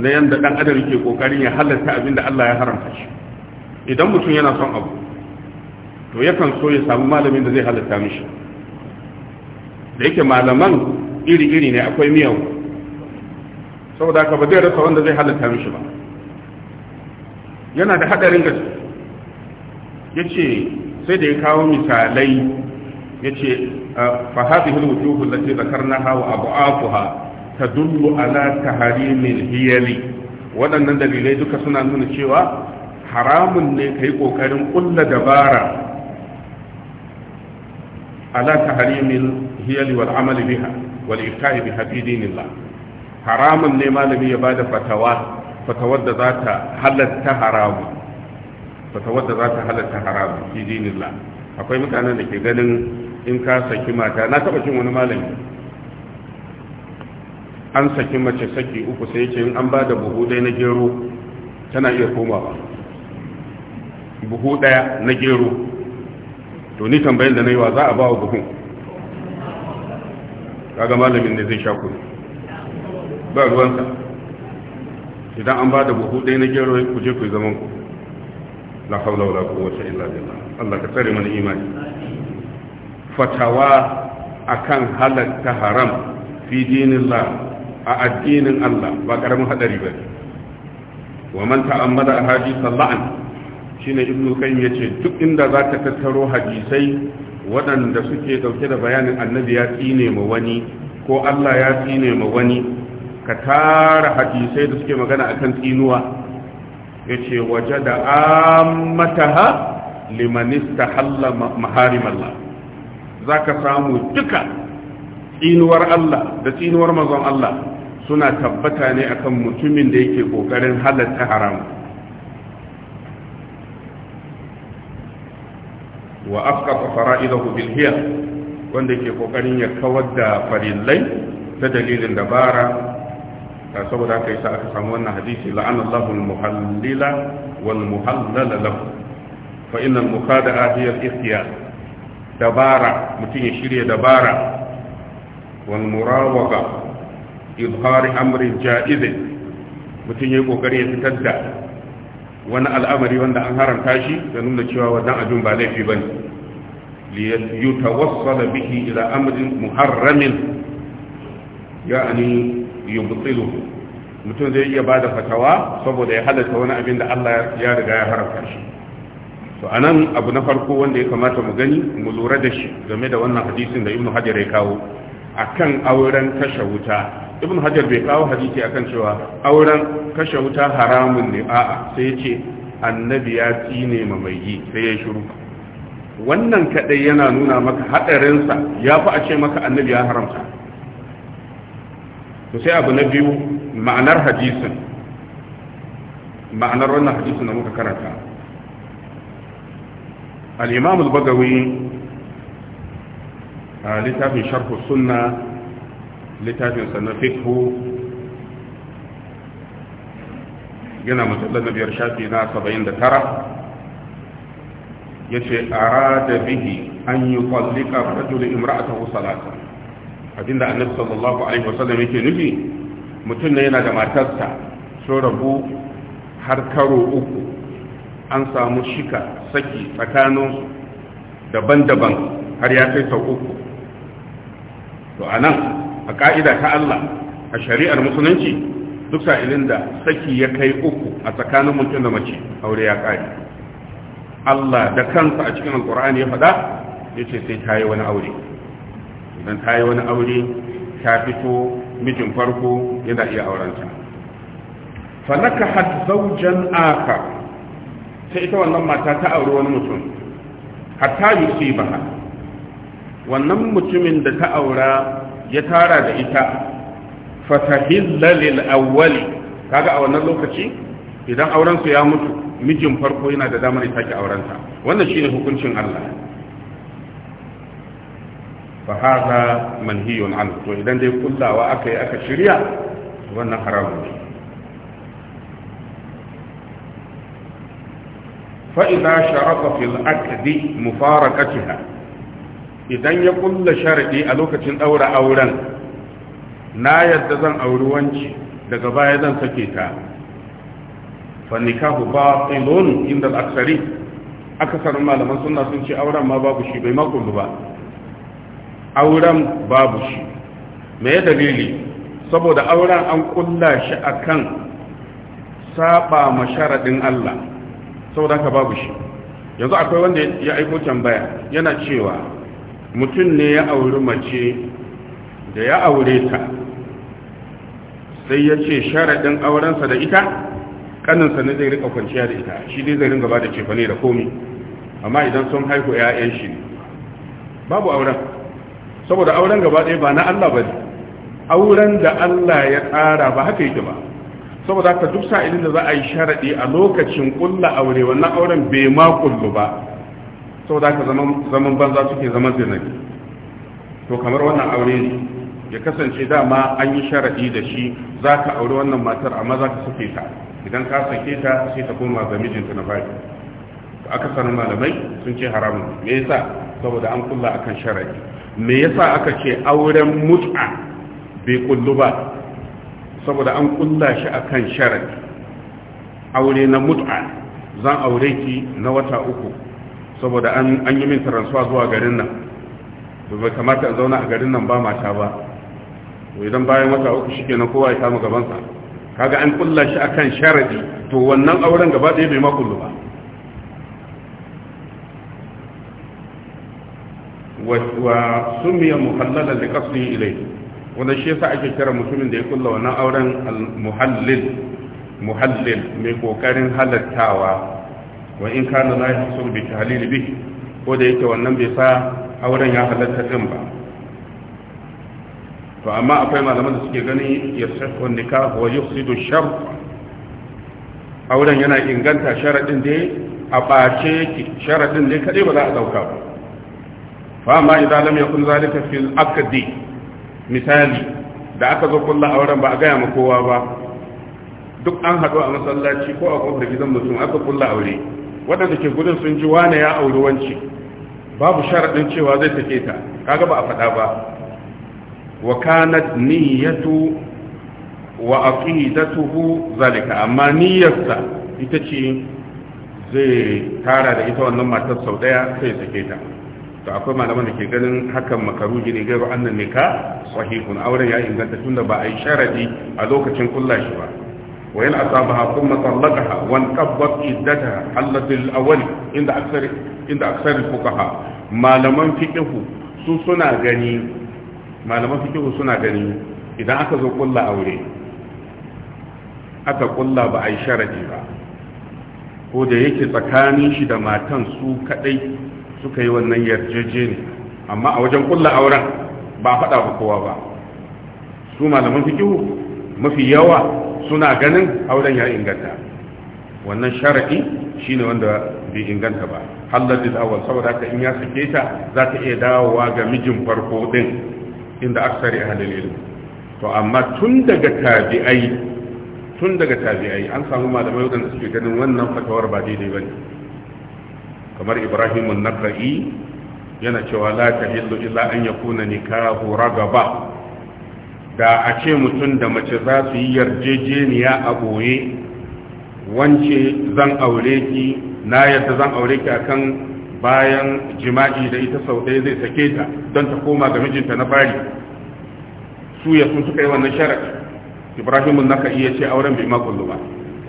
na yanda dan adam yake kokarin ya halatta abin da Allah ya haramta shi idan mutum yana son abu to yakan so ya samu malamin da zai halatta mishi da yake malaman iri-iri ne akwai miyawu saboda haka ba zai rasa wanda zai halatta mishi ba yana da haɗarin gaske ya ce sai da ya kawo misalai ya ce fa hadhihi al-wujuh allati dhakarnaha wa ta tadullu ala tahrimil hiyali waɗannan dalilai duka suna nuna cewa haramun ne yi ƙoƙarin ƙulla dabara ala tahrimil hiyali wal amali biha wal iftahi biha fi dinillah haramun ne malami ya bada fatawa fatawar da za ta halatta haramun fatawar wadda za ta halatta haramun fi la akwai mutanen da ke ganin in ka saki mata na taba jin wani malami an saki mace saki uku sai ce in an ba da buhu dai na gero tana iya komawa buhu daya na gero to ni tambayin da na yi wa za a ba wa buhun kaga malamin ne zai sha kudu ba ruwansa idan an ba da buhu ɗaya na gero ku je ku yi zaman ku la haula wala quwwata illa billah Allah ka tsare mana imani fatawa akan halatta haram fi dinillah a addinin Allah ba karamin hadari ba wa man ta'ammada ahadith sallan shine ibnu qayyim yace duk inda zaka tattaro hadisai waɗanda suke ɗauke da bayanin annabi ya tsine ma wani ko Allah ya tsine ma wani ka tara hadisai da suke magana akan tsinuwa yace wajada ammataha liman halla maharimallah zaka samu duka tsinuwar Allah da tsinuwar mazan Allah suna tabbata ne akan mutumin da yake kokarin halatta haram wa afqata fara'idahu bil wanda ke kokarin ya kawar da farillai ta dalilin dabara saboda haka yasa aka samu wannan hadisi la'ana Allahu al-muhallila wal muhallala lahu fa inna al-mukhada'a hiya al-ikhtiyar dabara mutum ya shirya dabara wal murawaqa izhar amrin ja'iz mutum ya kokari ya fitar da wani al'amari wanda an haramta shi da nuna cewa wannan abin ba laifi bane liyutawassala bihi ila amrin muharramin ya'ani yubtiluhu mutum zai iya bada fatawa saboda ya halatta wani abin da Allah ya riga ya haramta shi to anan abu na farko wanda ya kamata mu gani mu lura da shi game da wannan hadisin da Ibn Hajar ya kawo akan auren kashe wuta Ibn Hajar bai kawo hadisi akan cewa auren kashe wuta haramun ne a'a sai ya ce annabi ya tsine ma mai yi sai ya shiru wannan kadai yana nuna maka hadarin ya yafi a ce maka annabi ya haramta to sai abu na biyu ma'anar hadisin ma'anar wannan hadisin da muka karata al-imam al-bagawi a littafin sharh sunna littafin sa na fiqh yana musallar na biyar shafi na da tara ya 79 yace arada bihi an yi yutallika rajul imra'atahu salatan abinda annabi sallallahu alaihi wasallam yake nufi mutum ne yana da matarsa sun rabu har karo uku an samu shika saki tsakanin daban-daban har ya kai sau uku to a nan a ƙa'ida ta Allah a shari'ar musulunci duk sa'ilin da saki ya kai uku a tsakanin mutum da mace aure ya ƙari Allah da kansa a cikin alƙur'ani ya faɗa ya ce sai ta yi wani aure idan ta yi wani aure ta fito mijin farko yana iya aurenta falaka had zaujan aka sai ita wannan mata ta auri wani mutum hatta yusiba wannan mutumin da ta aura ya tara da ita fatahilla lil awwali kaga a wannan lokaci idan auren ya mutu mijin farko yana da damar ya sake aurenta wannan shine hukuncin Allah fa hada manhiyun an to idan dai kullawa aka yi aka shirya wannan haramun ne fa idza sharafa fil akdi mufarakatiha idan ya kulla sharaɗi a lokacin ɗaura auren na yadda zan auri wanci daga baya zan sake ta fa nikahu batilun inda al-aksari akasarin malaman suna sun ce auren ma babu shi bai makullu ba auren babu shi me dalili saboda auren an kulla shi akan saba masharadin Allah saboda ka babu shi yanzu akwai wanda ya aiko tambaya yana cewa mutum ne ya auri mace da ya aure ta sai ya ce sharaɗin aurensa da ita kaninsa ne zai rika kwanciya da ita shi dai zai ringa ba da cefane da komi amma idan sun haihu 'ya'yan shi babu auren saboda auren gaba ɗaya ba na Allah ba ne auren da Allah ya tsara ba haka yake ba saboda haka duk sa'ilin da za a yi sharaɗi a lokacin ƙulla aure wannan auren bai ma ƙullu ba saboda haka zaman banza suke zama zinari to kamar wannan aure ne ya kasance dama an yi sharaɗi da shi za ka aure wannan matar amma za ka sake ta idan ka sake ta sai ta koma ga mijinta na fari sanar malamai sun ce haramun me yasa saboda an kulla akan sharaɗi me yasa aka ce auren mut'a bai kullu ba saboda an kulla shi akan sharadi aure na mut'a zan aure ki na wata uku saboda an yi min transfer zuwa garin nan bai kamata in zauna a garin nan ba mata ba idan bayan wata uku shi na kowa ya samu gabansa kaga an kulla shi akan sharadi to wannan auren gaba ɗaya bai ma kullu ba wa sumiya muhallalan da kasu ilai wanda shi yasa ake kira mutumin da ya kulla wannan auren muhallil muhallil mai kokarin halattawa wa in kana la yahsul bi tahlil bi ko da yake wannan bai sa auren ya halatta din ba to amma akwai malaman da suke gani yasihhu nikah wa yufsidu shar auren yana inganta sharadin dai a bace yake sharadin dai kadai ba za a dauka ba فما amma لم يكن ذلك في fil aqdi misali da aka zo kullu auren ba a gaya ma kowa ba duk an haɗu a masallaci ko a kofar gidan mutum aka kullu aure waɗanda ke gudun sun ji wane ya auri wance babu sharaɗin cewa zai take ta kaga ba a faɗa ba wa kanat niyyatu wa aqidatuhu zalika amma niyyarsa ita ce zai tara da ita wannan matar sau ɗaya sai sake ta to akwai malaman da ke ganin hakan makaruhi ne gairu annan ne, nika sahihun auren ya inganta tunda ba a yi sharadi a lokacin kulla shi ba wa yana asabaha kuma tsallakaha wan qabbat iddataha allatil awwal inda aksar inda aksar fuqaha malaman fiqh su suna gani malaman fiqh suna gani idan aka zo kulla aure aka kulla ba a yi sharadi ba ko da yake tsakanin shi da matan su kadai suka yi wannan yarjejeni amma a wajen kulla auren ba faɗa ba kowa ba su malaman fikihu mafi yawa suna ganin auren ya inganta wannan shara'i shine wanda bai inganta ba halladin awal saboda haka in ya sake ta za ta iya dawowa ga mijin farko din inda aksari ahlul ilmi to amma tun daga tabi'ai tun daga tabi'ai an samu malamai wadanda suke ganin wannan fatawar ba daidai ne. kamar ibrahim an-nakhai yana cewa la hillu illa an yakuna nikahu ragaba da a ce mutum da mace za su yi yarjejeniya a boye wance zan aure ki na yadda zan aure ki akan bayan jima'i da ita sau ɗaya zai sake ta don ta koma ga mijinta na bari su ya sun suka yi wannan sharaɗi ibrahim naka iya ce auren bai makullu ba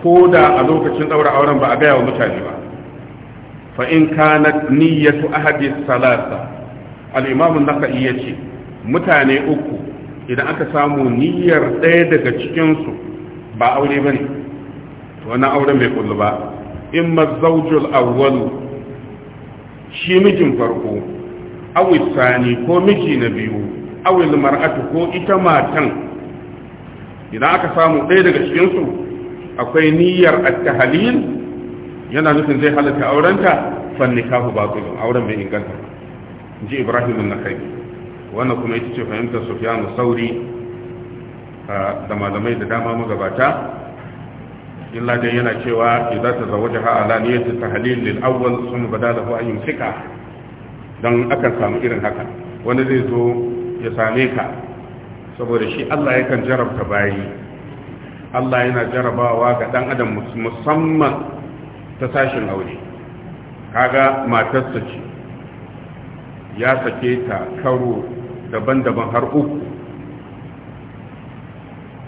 ko da a lokacin ɗaura auren ba a gaya wa mutane ba fa in kanat niyyatu ahadi salasa al-imam an-nasa'i yace mutane uku idan aka samu niyyar ɗaya daga cikin su ba aure bane to wannan aure mai kullu ba imma zawjul awwal shi mijin farko aw sani ko miji na biyu aw mar'atu ko ita matan idan aka samu ɗaya daga cikin su akwai niyyar at-tahlil yana nufin zai halatta aurenta fan nikahu batilun auren bai inganta ji ibrahim an kai. wannan kuma ita ce fahimtar sufyan sauri da malamai da dama magabata illa dai yana cewa idza tazawajaha ala niyyati tahlil lil awwal sun badalahu an fika dan akan samu irin haka wani zai zo ya same ka saboda shi Allah yakan jarabta bayi Allah yana jarabawa ga dan adam musamman ta sashin aure kaga matarsa ce ya sake ta karo daban-daban har uku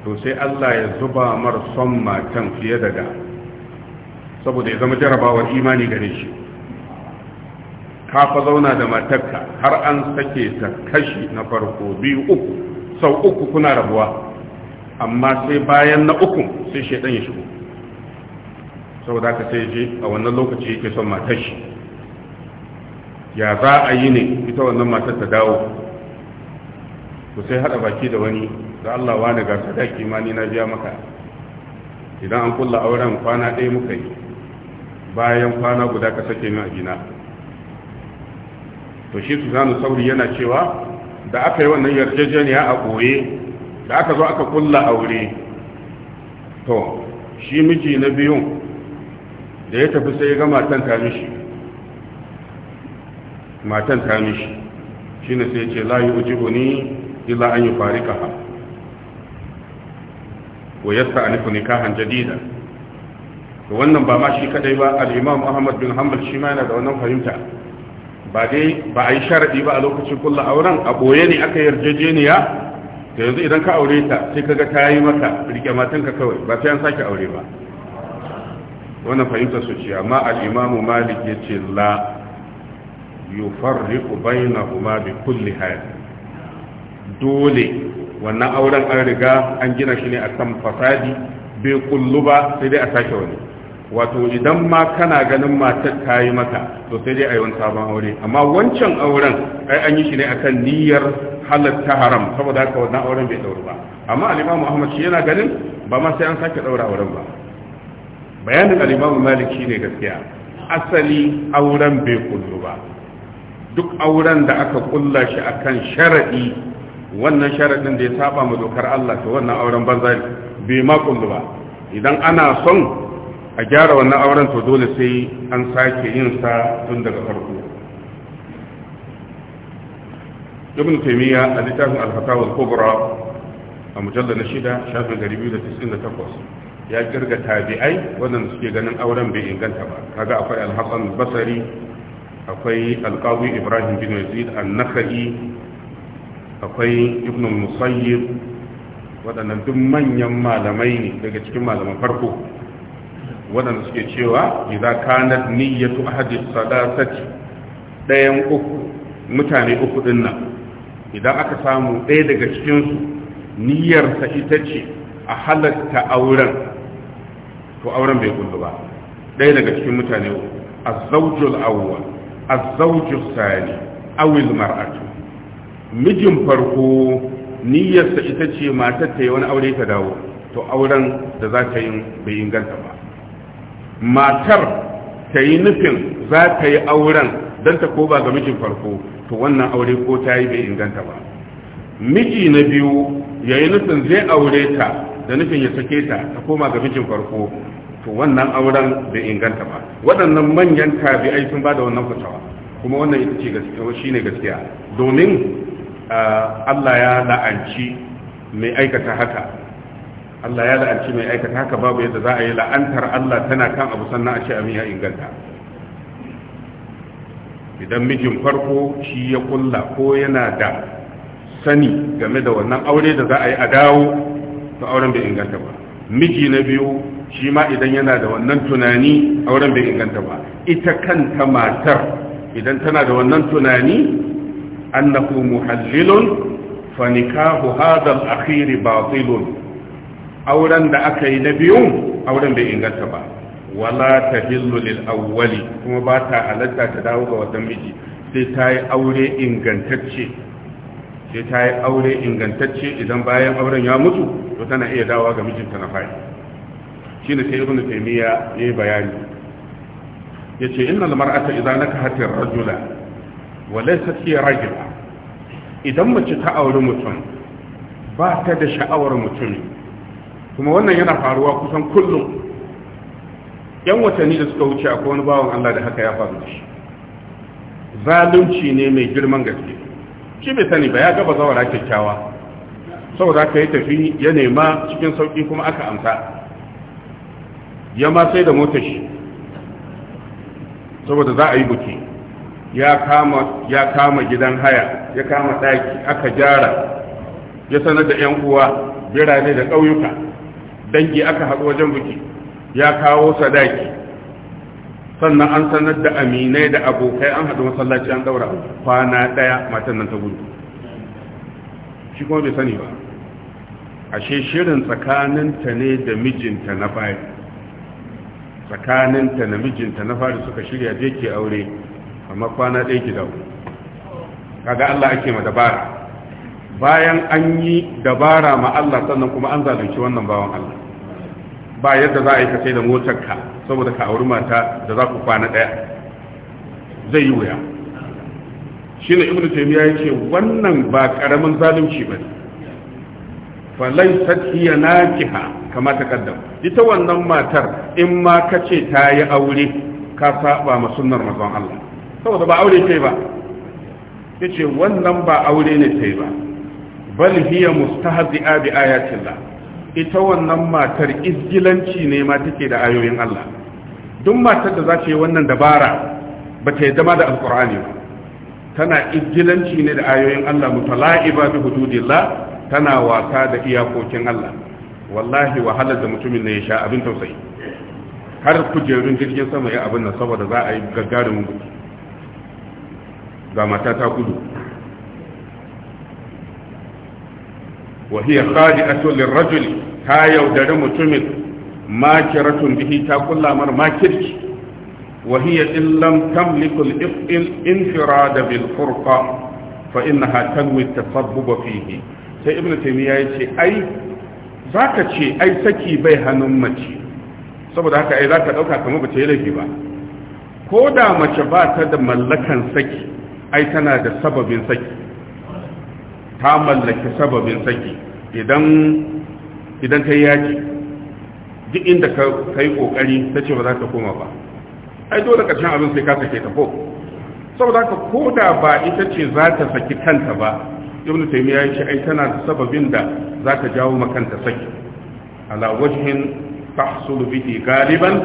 to sai Allah ya zuba mar son matan fiye da da saboda ya zama jarabawar imani gare shi kafa zauna da matarka har an sake ta kashi na farko biyu uku sau uku kuna rabuwa amma sai bayan na uku sai shaidan ya shigo saboda ka sai je a wannan lokaci yake son matar shi ya za a yi ne ita wannan matar ta dawo ku sai hada baki da wani da Allah wani ga sadaki ma ni na biya maka idan an kulla auren kwana ɗaya muka yi bayan kwana guda ka sake min a gina to shi zanu Sauri yana cewa da aka yi wannan yarjejeniya a ɓoye da aka zo aka kulla aure to shi miji na biyun da ya tafi sai ga matan ta mishi matan ta mishi Shi ne sai ce la yujibu ni illa an yi fari yufarikaha wa yasta'nifu nikahan jadida to wannan ba ma shi kadai ba al-imam Ahmad bin Hanbal shi ma yana da wannan fahimta ba dai ba a yi sharadi ba a lokacin kullu auren a boye ne aka yarjejeniya da yanzu idan ka aure ta sai kaga ta yi maka rike matanka kawai ba sai an sake aure ba wannan fahimtar su ce amma al-imamu malik yace la yufarriqu bainahuma bi kulli hal dole wannan auren an riga an gina shi ne a kan fasadi bai kullu ba sai dai a sake wani wato idan ma kana ganin matar ta yi maka to sai dai a yi wani sabon aure amma wancan auren ai an yi shi ne a kan niyyar halatta haram saboda haka wannan auren bai dauri ba amma al ahmad shi yana ganin ba ma sai an sake daura auren ba bayanin al'imamu maliki ne gaskiya asali auren bai kullu ba duk auren da aka kulla shi akan shara'i wannan sharaɗin da ya saba ma dokar Allah ta wannan auren banza ne bai ma kullu ba idan ana son a gyara wannan auren to dole sai an sake yin sa tun daga farko ibn taymiya a littafin al-fatawa al-kubra a mujallar na shida shafin 298 ya kirga tabi'ai waɗanda suke ganin auren bai inganta ba kaga akwai alhassan basari akwai alƙawu ibrahim bin yazid annaka'i akwai ibn musayyib waɗanda duk manyan malamai ne daga cikin malaman farko waɗanda suke cewa idan kanat niyyatu ahadi sadaqati ɗayan uku mutane uku dinnan nan idan aka samu ɗaya daga cikin su niyyarsa ita ce a halatta auren to auren bai kullu ba ɗaya daga cikin mutane azzawjul awwal azzawjus sani awil mar'atu mijin farko niyyarsa ita ce matar ta yi wani aure ta dawo to auren da za ta yi bai inganta ba matar ta yi nufin za ta yi auren don ta koba ga mijin farko to wannan aure ko ta yi bai inganta ba miji na biyu ya yi nufin zai aure ta da nufin ya sake ta ta koma ga mijin farko to wannan auren bai inganta ba waɗannan manyan tabi'ai sun ba da wannan fasawa. kuma wannan ita ce gaskiya ne gaskiya domin Allah ya la'anci mai aikata haka Allah ya la'anci mai aikata haka babu yadda za a yi la'antar Allah tana kan abu sannan a ce amin ya inganta idan mijin farko shi ya kulla ko yana da sani game da wannan aure da za a yi a dawo to auren bai inganta ba miji na biyu shi ma idan yana da wannan tunani auren bai inganta ba ita kanta matar idan tana da wannan tunani annahu muhallilun fa nikahu hadha al-akhir batilun auren da aka yi na biyu auren bai inganta ba wala tahillu lil awwali kuma ba ta halatta ta dawo ga wannan miji sai ta yi aure ingantacce sai ta yi aure ingantacce idan bayan auren ya mutu to tana iya dawowa ga mijinta na fayi. shi ne sai ibnu taymiya ya yi bayani ya ce inna mar'ata idan nakahat ar-rajula wa laysa fi rajul idan mace ta auri mutum ba ta da sha'awar mutumi kuma wannan yana faruwa kusan kullum yan watanni da suka wuce akwai wani bawan Allah da haka ya faru da shi zalunci ne mai girman gaske shi bai sani ba ya gaba zawara kyakkyawa saboda aka yi tafi ya nema cikin sauƙi kuma aka amsa ya ma sai da motar shi saboda za a yi buki ya kama gidan haya ya kama ɗaki aka gyara ya sanar da 'yan uwa birane da ƙauyuka dangi aka haɗu wajen buki ya kawo sadaki sannan an sanar da aminai da abokai an haɗu masallaci an daura kwana ɗaya matan nan ta gudu shi kuma bai sani ba ashe shirin tsakaninta ne da mijinta na fari tsakaninta na mijinta na fari suka shirya je ke aure amma kwana ɗaya ki dawo kaga Allah ake ma dabara bayan an yi dabara ma Allah sannan kuma an zalunci wannan bawan Allah ba yadda za a yi ka sai da motarka saboda ka auri mata da za ku kwana ɗaya zai yi wuya shi ne ibn taymiya ya ce wannan ba ƙaramin zalunci ba ne falai sakiya na kiha kama ta kaddam ita wannan matar in ma ka ce ta yi aure ka saba ma sunnar mazan Allah saboda ba aure kai ba ya ce wannan ba aure ne kai ba bal hiya mustahzi'a bi ayatillah ita wannan matar izgilanci ne ma take da ayoyin Allah duk matar da za ta yi wannan dabara ba ta yadda ma da alkur'ani ba tana izgilanci ne da ayoyin Allah ba bi hududillah tana wasa da iyakokin Allah wallahi wahala da mutumin ne ya sha abin tausayi har kujerun jirgin sama ya abin nan saboda za a yi gagarumin buki ga mata ta gudu wa hiya khadi'atun lirrajuli ta yaudari mutumin makiratun bihi ta kullamar makirci wa hiya illam tamliku al-infirada bil furqa fa innaha tanwi tasabbuba fihi sai ibnu taymiya yace ai zaka ce ai saki bai hannun mace saboda haka ai zaka dauka kamar bace laifi ba ko da mace ba ta da mallakar saki ai tana da sababin saki ta mallaki sababin saki idan ta yi yaki duk inda ka yi kokari ta ce ba za ta koma ba ai dole karshen abin sai ka sake ta ko saboda ka koda ba ita ce za ta saki kanta ba ibn taymiya ya ce ai tana da sababin da za ta jawo makanta saki ala wajhin tahsul bihi galiban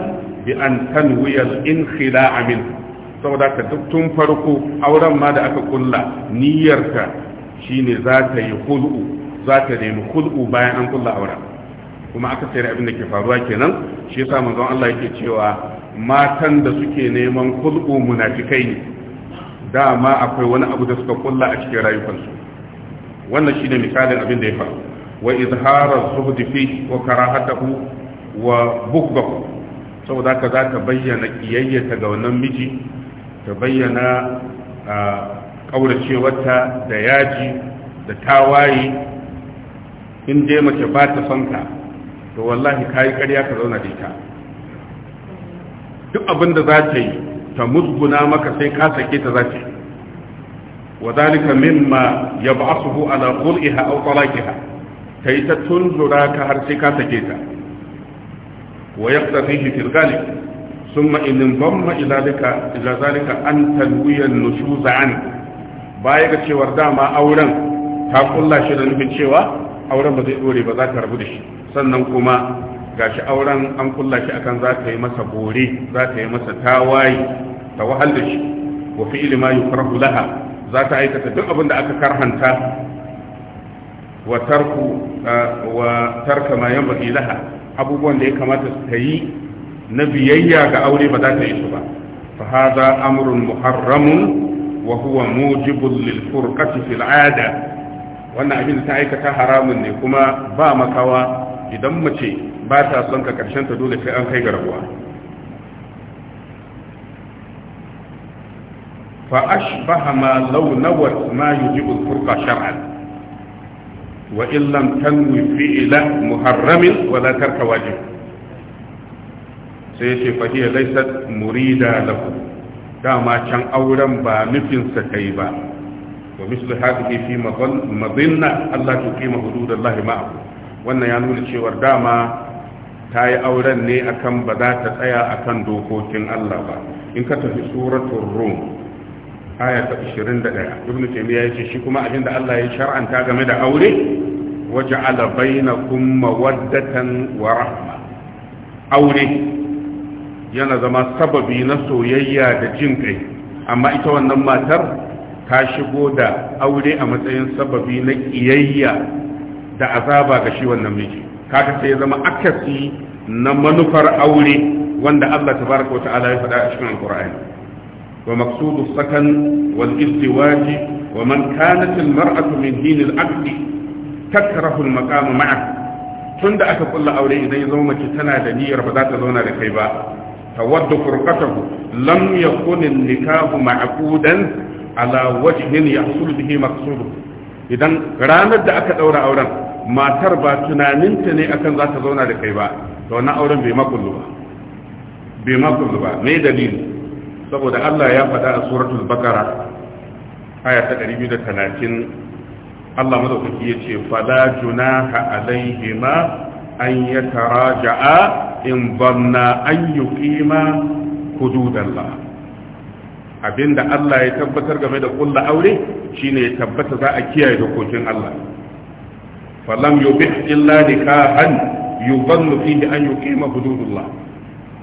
bi an tanwiya al-inkhila' saboda ka duk tun farko auren ma da aka kulla niyyarka shine za ta yi hul'u za ta nemi hul'u bayan an kulla aure kuma aka sayar abin da ke faruwa kenan shi yasa manzon Allah yake cewa matan da suke neman hul'u munafikai ne dama akwai wani abu da suka kulla a cikin rayukansu wannan shine misalin abin da ya faru wa izhara zuhdi fi wa karahatahu wa bughdahu saboda haka za ta bayyana kiyayyata ga wannan miji ta bayyana ah, kauracewarta da yaji da tawaye in dai mace ba ta son to wallahi kayi karya ka zauna da ita duk abin da za ta yi ta musguna maka sai ka sake ta za ta yi wa zalika mimma yab'asuhu ala qul'iha aw talaqiha kai ta tunzura ka har sai ka sake ta wa yaqtadihi fil ghalib ثم إن انضم إلى ذلك, إلى ذلك أن تنوي baya ga cewar dama auren ta kulla shi da nufin cewa auren ba zai dore ba za ta rabu da shi sannan kuma gashi auren an kulla shi akan za ta yi masa gore za ta yi masa tawaye ta wahal da shi wa fi ilima yukrahu laha za ta aikata duk abin da aka karhanta wa uh, tarka ma yanbaghi laha abubuwan da ya kamata su ta yi na biyayya ga aure ba za ta yi su ba fa hadha amrun muharramun wa huwa mujibul lil furqati fil abin ta aikata haramun ne kuma ba makawa idan mace ba ta son ka karshen ta dole sai an kai ga fa ashbaha ma law nawat ma yujibul furqa shar'an wa in lam tanwi fi'la muharramin wa la tarka wajib sai ce fa hiya laysat murida lahu dama can auren ba nufinsa kai ba wa mislu hadhihi fi madinna Allah tuqima hududallahi ma'ahu wannan ya nuna cewa dama ta yi auren ne akan ba za ta tsaya akan dokokin Allah ba in ka tafi suratul rum aya ta 21 ibnu taymiya yace shi kuma abinda Allah ya shar'anta game da aure waja'ala bainakum mawaddatan wa rahma aure yana zama sababi na soyayya da jin kai amma ita wannan matar ta shigo da aure a matsayin sababi na kiyayya da azaba ga shi wannan miji kaga sai ya zama akasi na manufar aure wanda Allah tabaraka wata'ala ya faɗa a cikin alkur'ani wa maqsudu sakan wal izdiwaji wa man kanat al mar'atu min din al aqdi takrahu al maqama ma'a tunda aka kulla aure idan ya zama mace tana da niyyar ba za ta zauna da kai ba tawaddu furqatahu lam yakun an-nikahu ma'qudan ala wajhin yahsul bihi idan ranar da aka daura auren matar ba tunaninta ne akan za ta zauna da kai ba to wannan auren bai makullu ba bai makullu ba dalili saboda Allah ya faɗa a suratul baqara aya ta 230 Allah madaukaki yace fala junaha alaihima an ya ظن in يقيم حدود الله abin abinda Allah ya tabbatar game da kulla aure shine ya tabbata za a kiyaye dokokin Allah falam yubih illa nikahan yuzannu fihi an yuqima hududullah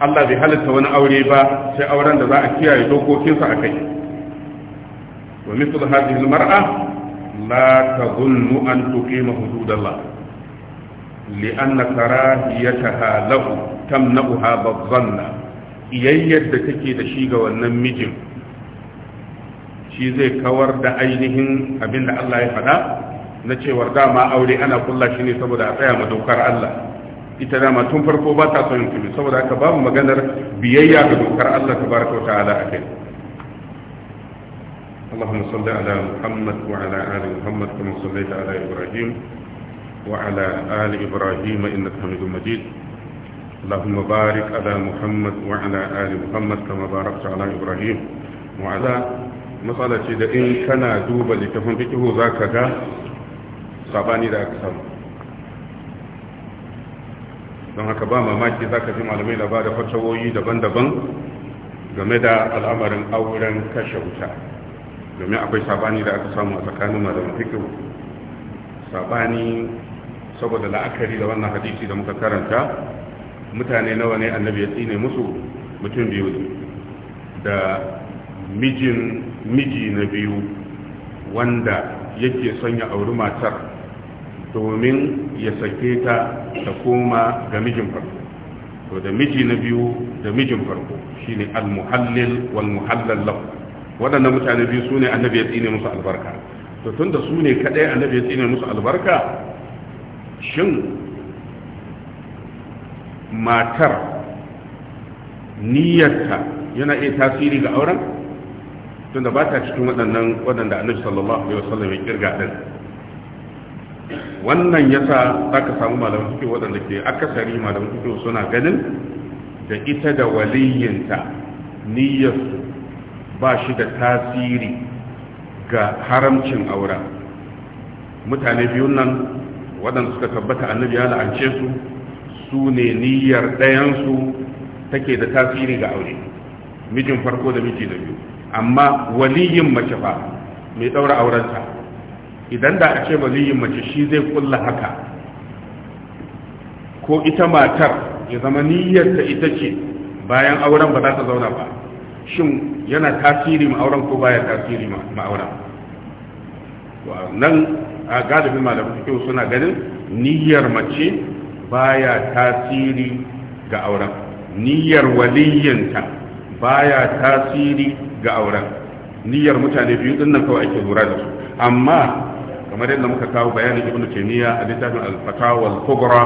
Allah bai halitta wani aure ba sai auren da za a kiyaye dokokinsa a kai wa mithlu hadhihi almar'a la tadhunnu an tuqima hududullah لأن karahiyataha له تمنعها بالظن iyayyar da take da shi ga wannan mijin shi zai kawar da ainihin abin da Allah ya faɗa na cewar dama aure ana kulla shi ne saboda a tsaya ma dokar Allah ita dama tun farko ba ta son tuni saboda haka babu maganar biyayya ga dokar Allah tabaraka wa ta'ala Allahumma salli ala Muhammad wa ala ali Muhammad كما صليت ala Ibrahim. وعلى آل إبراهيم إنك حميد مجيد اللهم بارك على محمد وعلى آل محمد كما باركت على إبراهيم وعلى مسألة إن كان دوبا لتفهم بكه ذاك sabani da aka samu don haka ba mamaki za ka fi malamai da ba da fatawoyi daban-daban game da al'amarin auren kashe wuta domin akwai sabani da aka samu a tsakanin malamin sabani saboda la'akari da wannan hadisi da muka karanta mutane nawa ne annabi ya tsine musu mutum biyu da mijin miji na biyu wanda yake sanya ya auri matar domin ya sake ta ta koma ga mijin farko to da miji na biyu da mijin farko shine al-muhallil wal muhallal lahu waɗannan mutane biyu sune annabi ya tsine musu albarka to tunda sune ne kadai annabi ya tsine musu albarka shin matar niyyarta yana iya tasiri ga auren tun da ba ta cikin waɗannan waɗanda annabi sallallahu alaihi wasallam ya kirga din wannan yasa zaka samu malamin fiqh waɗanda ke akasari malamin fiqh suna ganin da ita da waliyinta niyyar ba shi da tasiri ga haramcin aura mutane biyun nan waɗanda suka tabbata annabi ya la'ance su su ne niyyar ɗayansu take da tasiri ga aure mijin farko da miji da biyu amma waliyin mace fa mai ɗaura aurenta idan da a ce waliyin mace shi zai kulla haka ko ita matar ya zama niyyarta ita ce bayan auren ba za ta zauna ba shin yana tasiri ma auren ko baya tasiri ma auren nan a galibin malamin fikihu suna ganin niyyar mace baya tasiri ga auren niyyar waliyyanta baya tasiri ga auren niyyar mutane biyu din nan kawai ake lura da su amma kamar yadda muka kawo bayanin ibnu taymiya a littafin al-fatawa al-kubra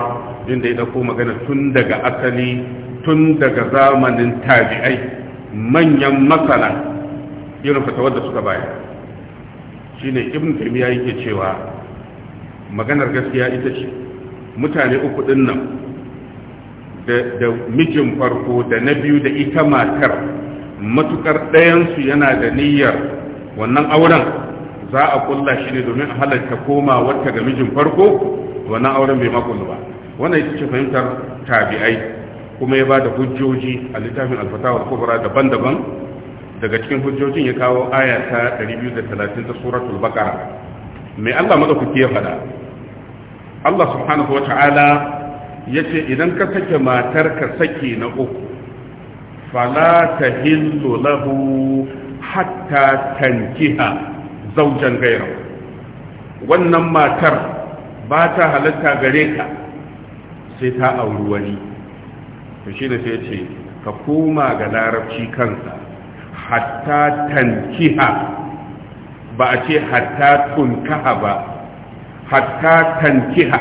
inda ya dauko magana tun daga asali tun daga zamanin tabi'ai manyan masana irin fatawar da suka bayar shine ibnu taymiya yake cewa maganar gaskiya ita ce mutane uku din nan da mijin farko da na biyu da ita matar matukar ɗayansu yana da niyyar wannan auren za a kulla shi ne domin a halarta koma wata ga mijin farko wannan auren bai makullu ba wannan ita ce fahimtar tabi'ai kuma ya ba da hujjoji a littafin alfatawar kubra daban-daban daga cikin hujjojin ya kawo aya ta 230 ta suratul baqara mai Allah madaukaki ya faɗa Allah subhanahu wa ta'ala ya ce idan ka sake matar ka sake na uku fala ta hillu lahu hatta tankiha zaujan gairar wannan matar ba ta halatta gare ka sai ta auri wani to shi da sai ce ka koma ga larabci kansa hatta tankiha ba a ce hatta tunkaha ba hatta tankiha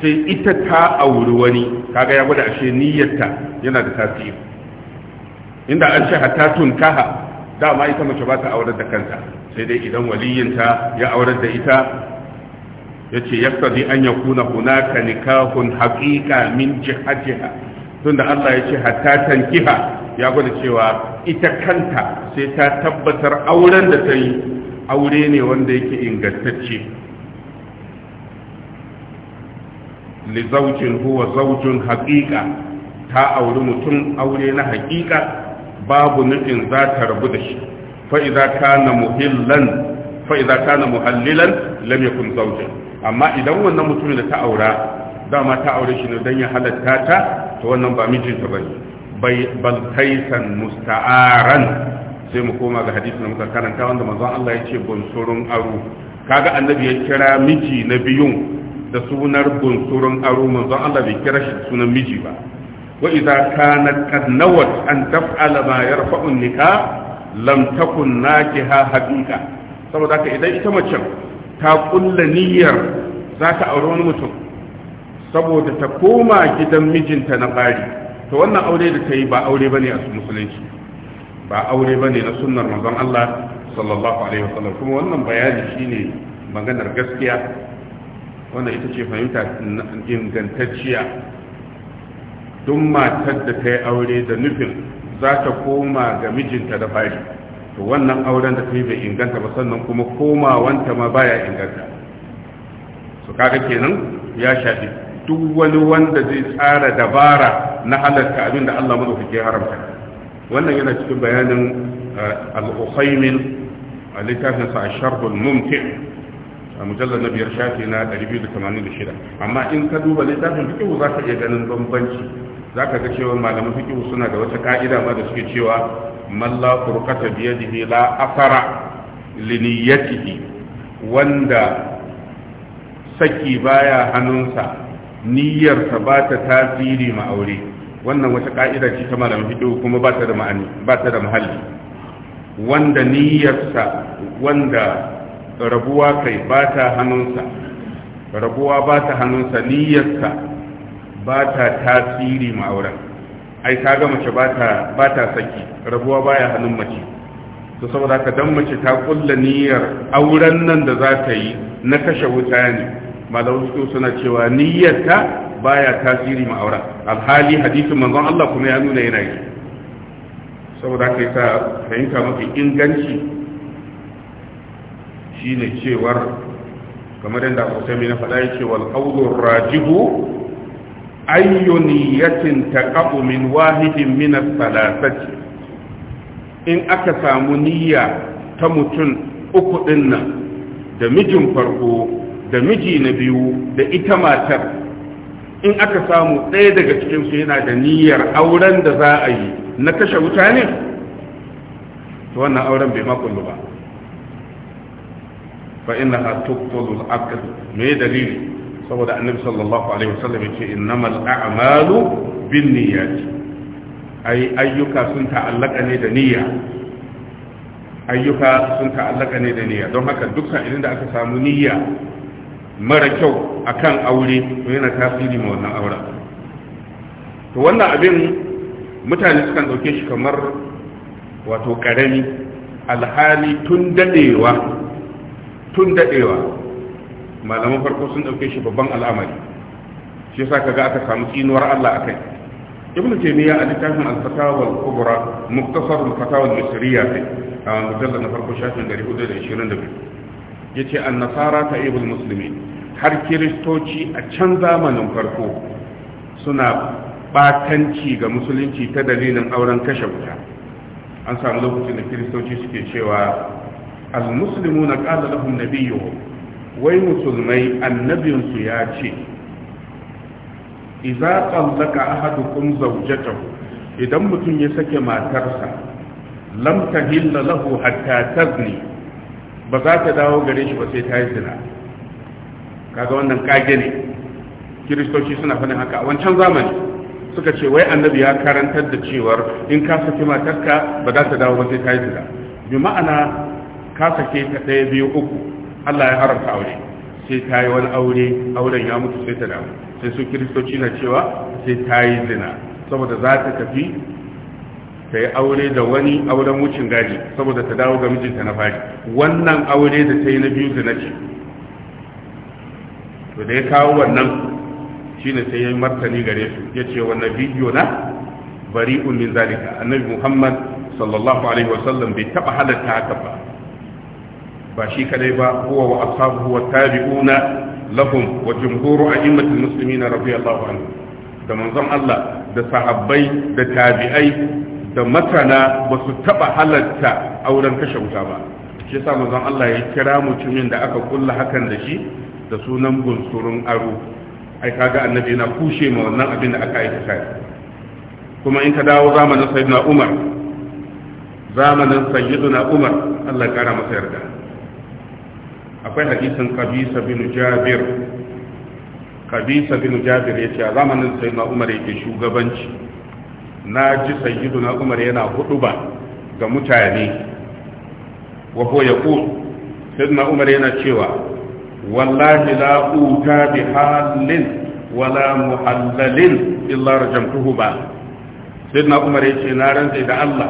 sai ita ta auri wani kaga ya gwada ashe niyyarta yana da tasiri inda an ce hatta tunkaha dama ita mace ba ta aurar da kanta sai dai idan waliyinta ya aurar da ita yace yaqtadi an yakuna ka nikahun haƙiƙa min Tun da Allah ce hatta tankiha ya gwada cewa ita kanta sai ta tabbatar auren da ta yi aure ne wanda yake ingantacce li zaujin huwa zaujin haƙiƙa ta auri mutum aure na haƙiƙa babu nufin za ta rabu da shi fa'iza kana muhillan fa'iza kana muhallilan lam yakun zaujin amma idan wannan mutumin da ta aura dama ta aure shi ne don ya halatta ta to wannan ba mijinta bane bal taisan musta'aran sai mu koma ga hadisin da muka karanta wanda manzon Allah ya ce bunsurun aro kaga annabi ya kira miji na biyun da sunar bunsurun aro manzon Allah bai kira shi sunan miji ba wa idza kanat qad nawat an taf'ala ma yarfa'u an lam takun nakiha haqiqa saboda haka idan ita mace ta kulla niyyar za ta aure wani mutum saboda ta koma gidan mijinta na bari to wannan aure da ta yi ba aure bane a musulunci ba aure ba ne na sunnar manzon Allah sallallahu alaihi wasallam kuma wannan bayani shine maganar gaskiya Wannan ita ce fahimta ingantacciya duk matar da ta yi aure da nufin za ta koma ga mijinta da fari to wannan auren da ta yi bai inganta ba sannan kuma komawanta ma baya inganta su kaga kenan ya shafi duk wani wanda zai tsara dabara na halarta abin da Allah ke haramta wannan yana cikin bayanin eh, al-ukhaymin a littafin sa sharh mumti a mujallar na biyar shafi na 286 amma in ka duba littafin fiqh za ka iya ganin bambanci za ka ga cewa malaman fiqh suna da wata ka'ida ma da suke cewa malla la furqata bi yadihi la athara li wanda saki baya hannunsa niyyarsa ba ta tasiri ma aure wannan wata ka'ida ce ta malam Hido kuma ba ta da ma'ani ba ta da muhalli wanda niyyarsa wanda rabuwa kai ba ta hannunsa rabuwa ba ta hannunsa niyyarsa ba ta tasiri ma'auran. ai ka ga mace ba ta saki rabuwa baya hannun mace to saboda ka dan mace ta kulla niyyar auren nan da za ta yi na kashe wuta ne malamu suna cewa niyyarta baya tasiri ma auren alhali hadisin manzon Allah kuma ya nuna yana yi saboda haka yasa fahimta mafi inganci shine cewar kamar yadda Abu Sami na faɗa yake wal qawlu rajihu ayyu niyatin taqabu min wahidin min as-salasati in aka samu niyya ta mutum uku dinnan da mijin farko da miji na biyu da ita matar in aka samu ɗaya daga cikinsu yana da niyyar auren da za a yi na kashe wuta ne to wannan auren bai makullu ba fa inna ha tuqtalu al-aqd me dalili saboda annabi sallallahu alaihi wasallam yace innamal a'malu binniyati ay ayyuka sun ta'allaka ne da niyya ayyuka sun ta'allaka ne da niyya don haka dukkan idan da aka samu niyya mara kyau a kan aure to yana tasiri ma wannan auren to wannan abin mutane sukan dauke shi kamar wato karami alhali tun dadewa tun dadewa malaman farko sun dauke shi babban al'amari shi yasa kaga aka samu tsinuwar Allah akai ibnu taymiya a littafin al-fatawa al-kubra muktasar al-fatawa al-misriya sai a mujallal na farko shafin 422 yace an-nasara ta'ibul muslimin har kiristoci a can zamanin farko suna batanci ga musulunci ta dalilin auren kashe wuta an samu lokacin da kiristoci suke cewa al-muslimu na ƙada lahun nabiyo wai musulmai annabinsu ya ce iza tsallaka ta ku? idan mutum ya sake matarsa lamta tahilla lahu hatta tazni ba za ta dawo gare shi ba sai ta yi zina kaga wannan kage ne kiristoci suna faɗin haka a wancan zamani suka ce wai annabi ya karantar da cewar in ka saki matarka ba za ta dawo ba sai ta yi zina bi ma'ana ka sake ta ɗaya biyu uku Allah ya haramta aure sai ta yi wani aure auren ya mutu sai ta dawo sai su kiristoci na cewa sai ta yi zina saboda za ta tafi ta yi aure da wani auren wucin gadi saboda ta dawo ga mijinta na fari wannan aure da ta yi na biyu zina ce to da ya kawo wannan shine sai ya yi martani gare su ya ce wannan bidiyo na bari'un min zalika annabi muhammad sallallahu alaihi wasallam bai taba halatta haka ba ba shi kadai ba kowa wa ashabuhu wa tabi'una lahum wa jumhuru a'immatil muslimina radiyallahu anhu da manzon Allah da sahabbai da tabi'ai da masana ba su taba halatta auren kashe wuta ba shi yasa manzon Allah ya kira mutumin da aka kulla hakan da shi da sunan bunsurun aro ai kaga annabi na kushe ma wannan abin da aka aikata kuma in ka dawo zamanin sayyidina umar zamanin sayyidina umar Allah ya kara masa yarda akwai hadisin qabisa bin jabir qabisa bin jabir ya ce a zamanin sayyidina umar yake shugabanci na ji sayyidina umar yana huduba ga mutane wa ko ya ku sayyidina umar yana cewa wallahi la uta bi halin wala muhallalin illa rajamtuhu ba sayyidina umar yace na rantse da Allah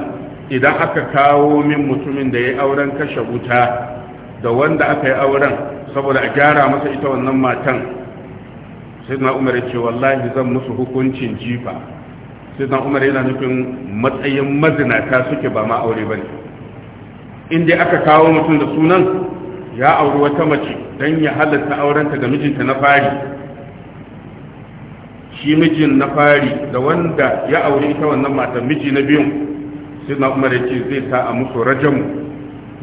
idan aka kawo min mutumin da ya yi auren kashe wuta da wanda aka yi auren saboda a gyara masa ita wannan matan sayyidina umar yace wallahi zan musu hukuncin jifa sayyidina umar yana nufin matsayin mazinata suke ba ma aure bane in aka kawo mutum da sunan ya auri wata mace don ya halatta aurenta ga mijinta na fari shi mijin na fari da wanda ya auri ita wannan mata miji na biyun sai na umar yake zai sa a musu rajamu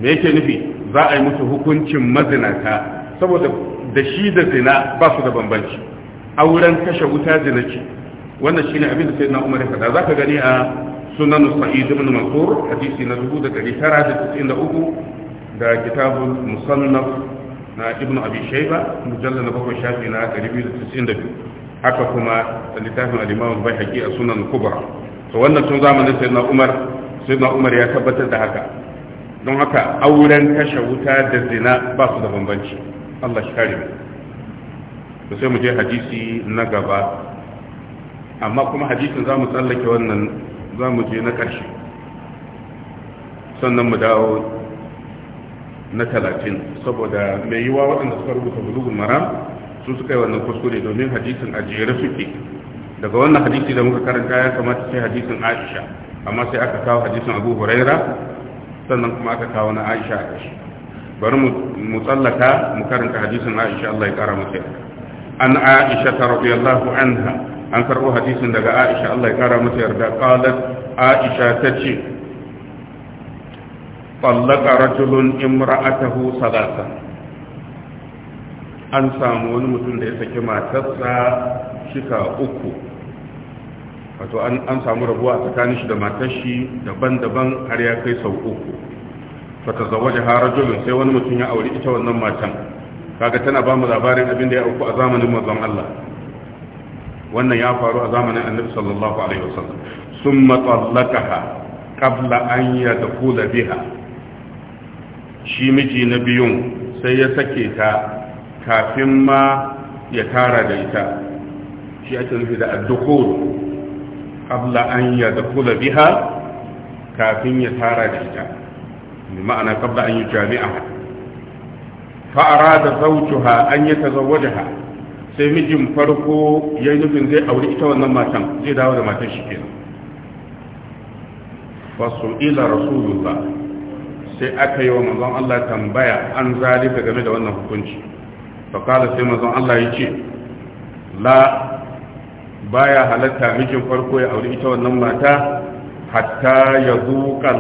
me yake nufi za a yi musu hukuncin mazinata saboda da shi da zina ba su da bambanci auren kashe wuta zina ce wannan ne abin da sai na umar ya faɗa za ka gani a sunan sa'id ibn mansur hadisi na 1993 da kitabun musannaf na ibnu abi Shaiba, mujallal na bakwai shafi na 292 haka kuma littafin al-imam al-baihaqi a sunan kubra to wannan tun zamanin na umar sai na umar ya tabbatar da haka don haka auren kashe wuta da zina ba su da bambanci Allah shi kare mu sai mu je hadisi na gaba amma kuma hadisin za mu tsallake wannan za mu je na ƙarshe sannan mu dawo na talatin saboda mai yiwa waɗanda suka rubuta bulugun maram su suka yi wannan kuskure domin hadisin a jere suke daga wannan hadisi da muka karanta ya kamata sai hadisin aisha amma sai aka kawo hadisin abu huraira sannan kuma aka kawo na aisha a ƙashi bari mu tsallaka mu karanta hadisin aisha allah ya ƙara masa an aisha ta rabu radiyallahu anha an karɓo hadisin daga aisha allah ya ƙara masa yarda qalat aisha ta ce طلق رجل امرأته ثلاثا an samu wani mutum da ya saki matarsa shika uku wato an samu rabuwa a tsakanin shi da matar shi daban-daban har ya kai sau uku ta fata zawaje harajulun sai wani mutum ya auri ita wannan matan kaga tana ba mu labarin abin da ya auku a zamanin mazan Allah wannan ya faru a zamanin annabi sallallahu alaihi wasallam summa tsallakaha qabla an yadkhula biha shi miji na biyun sai ya sake ta kafin ma ya tara da ita shi ake nufi da addukul abla an ya dakula biha kafin ya tara da ita Mai ma'ana kabla an yi jami'a fa'ara da zautuha an yi ha. sai mijin farko ya yi nufin zai auri ita wannan matan zai dawo da matan shi kenan fasu ila rasulullah sai aka yi wa manzon Allah tambaya an zalika game da wannan hukunci fa kala sai manzon Allah ya ce la baya halatta mijin farko ya auri ita wannan mata hatta ya zuƙa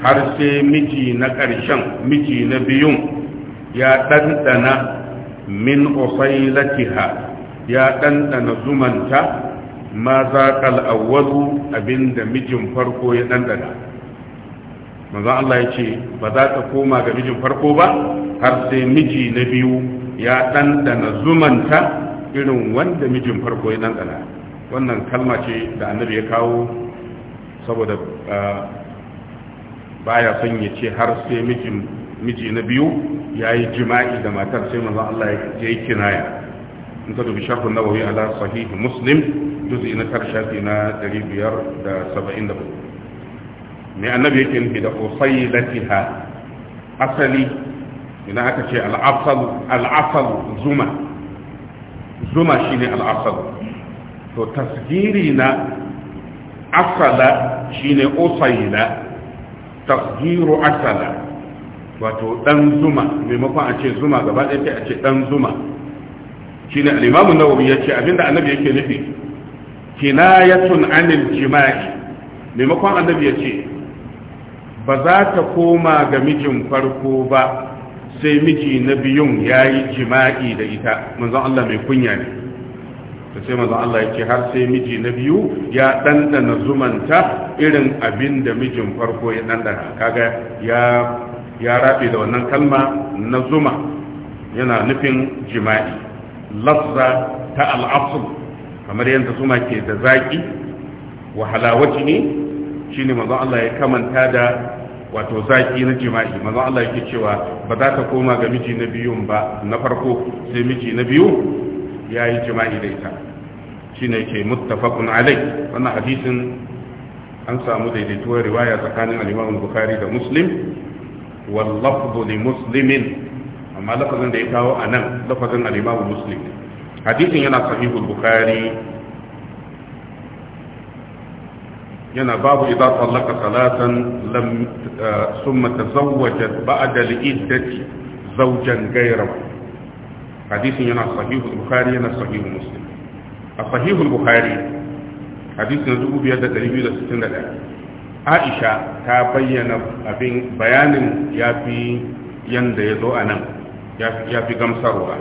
har sai miji na ƙarshen miji na biyun ya ɗanɗana min ofailatiha ya ɗanɗana zumanta ma za abinda mijin farko ya ɗanɗana manzo Allah ya ce ba za ka koma ga mijin farko ba har sai miji na biyu ya ɗanɗana zumanta irin wanda mijin farko ya ɗanɗana wannan kalma ce da annabi ya kawo saboda ah, baya son ya ce har sai mijin miji na biyu ya yi jima'i da matar sai manzo Allah ya yi kinaya in ka dubi sharhun nawawi ala sahih muslim juz'i na karshe na 574 me annabi yake nufi da usailatiha asali ina aka ce al'asal al'asal zuma zuma shine al'asal to tasgiri na asala shine usaila tasgiru asala wato dan zuma maimakon a ce zuma gaba ɗaya sai a ce dan zuma shine al-imamu nawawi yace abinda annabi yake nufi kinayatun anil jima'i maimakon annabi yace ba za ta koma ga mijin farko ba sai miji na biyun ya yi jima'i da ita manzon Allah mai kunya ne ta sai manzon Allah ya ce har sai miji na biyu ya ɗanɗana zumanta irin abin da mijin farko ya ɗanɗana kaga ya ya raɓe da wannan kalma na zuma yana nufin jima'i lafza ta al'afsul kamar yadda zuma ke da zaƙi wa halawaci ne shine manzon Allah ya kamanta da wato zaki na jima'i manzon Allah yake cewa ba za ta koma ga miji na biyu ba na farko sai miji na biyu ya yi jima'i da ita shine ke muttafaqun alai wannan hadisin an samu daidaituwar riwaya tsakanin al-Imam Bukhari da Muslim wal li muslimin amma lafazin da ya kawo anan lafazin al-Imam Muslim hadisin yana sahihul Bukhari yana babu idza sallaka salatan sun mata lam eh, summa tazawwajat ba'da al-iddati zawjan ghayrahu hadisin yana sahih al-bukhari yana sahih muslim a sahih al-bukhari hadisin 2261 Aisha ta bayyana abin bayanin ya ya fi yadda zo a nan, ya fi gamsarwa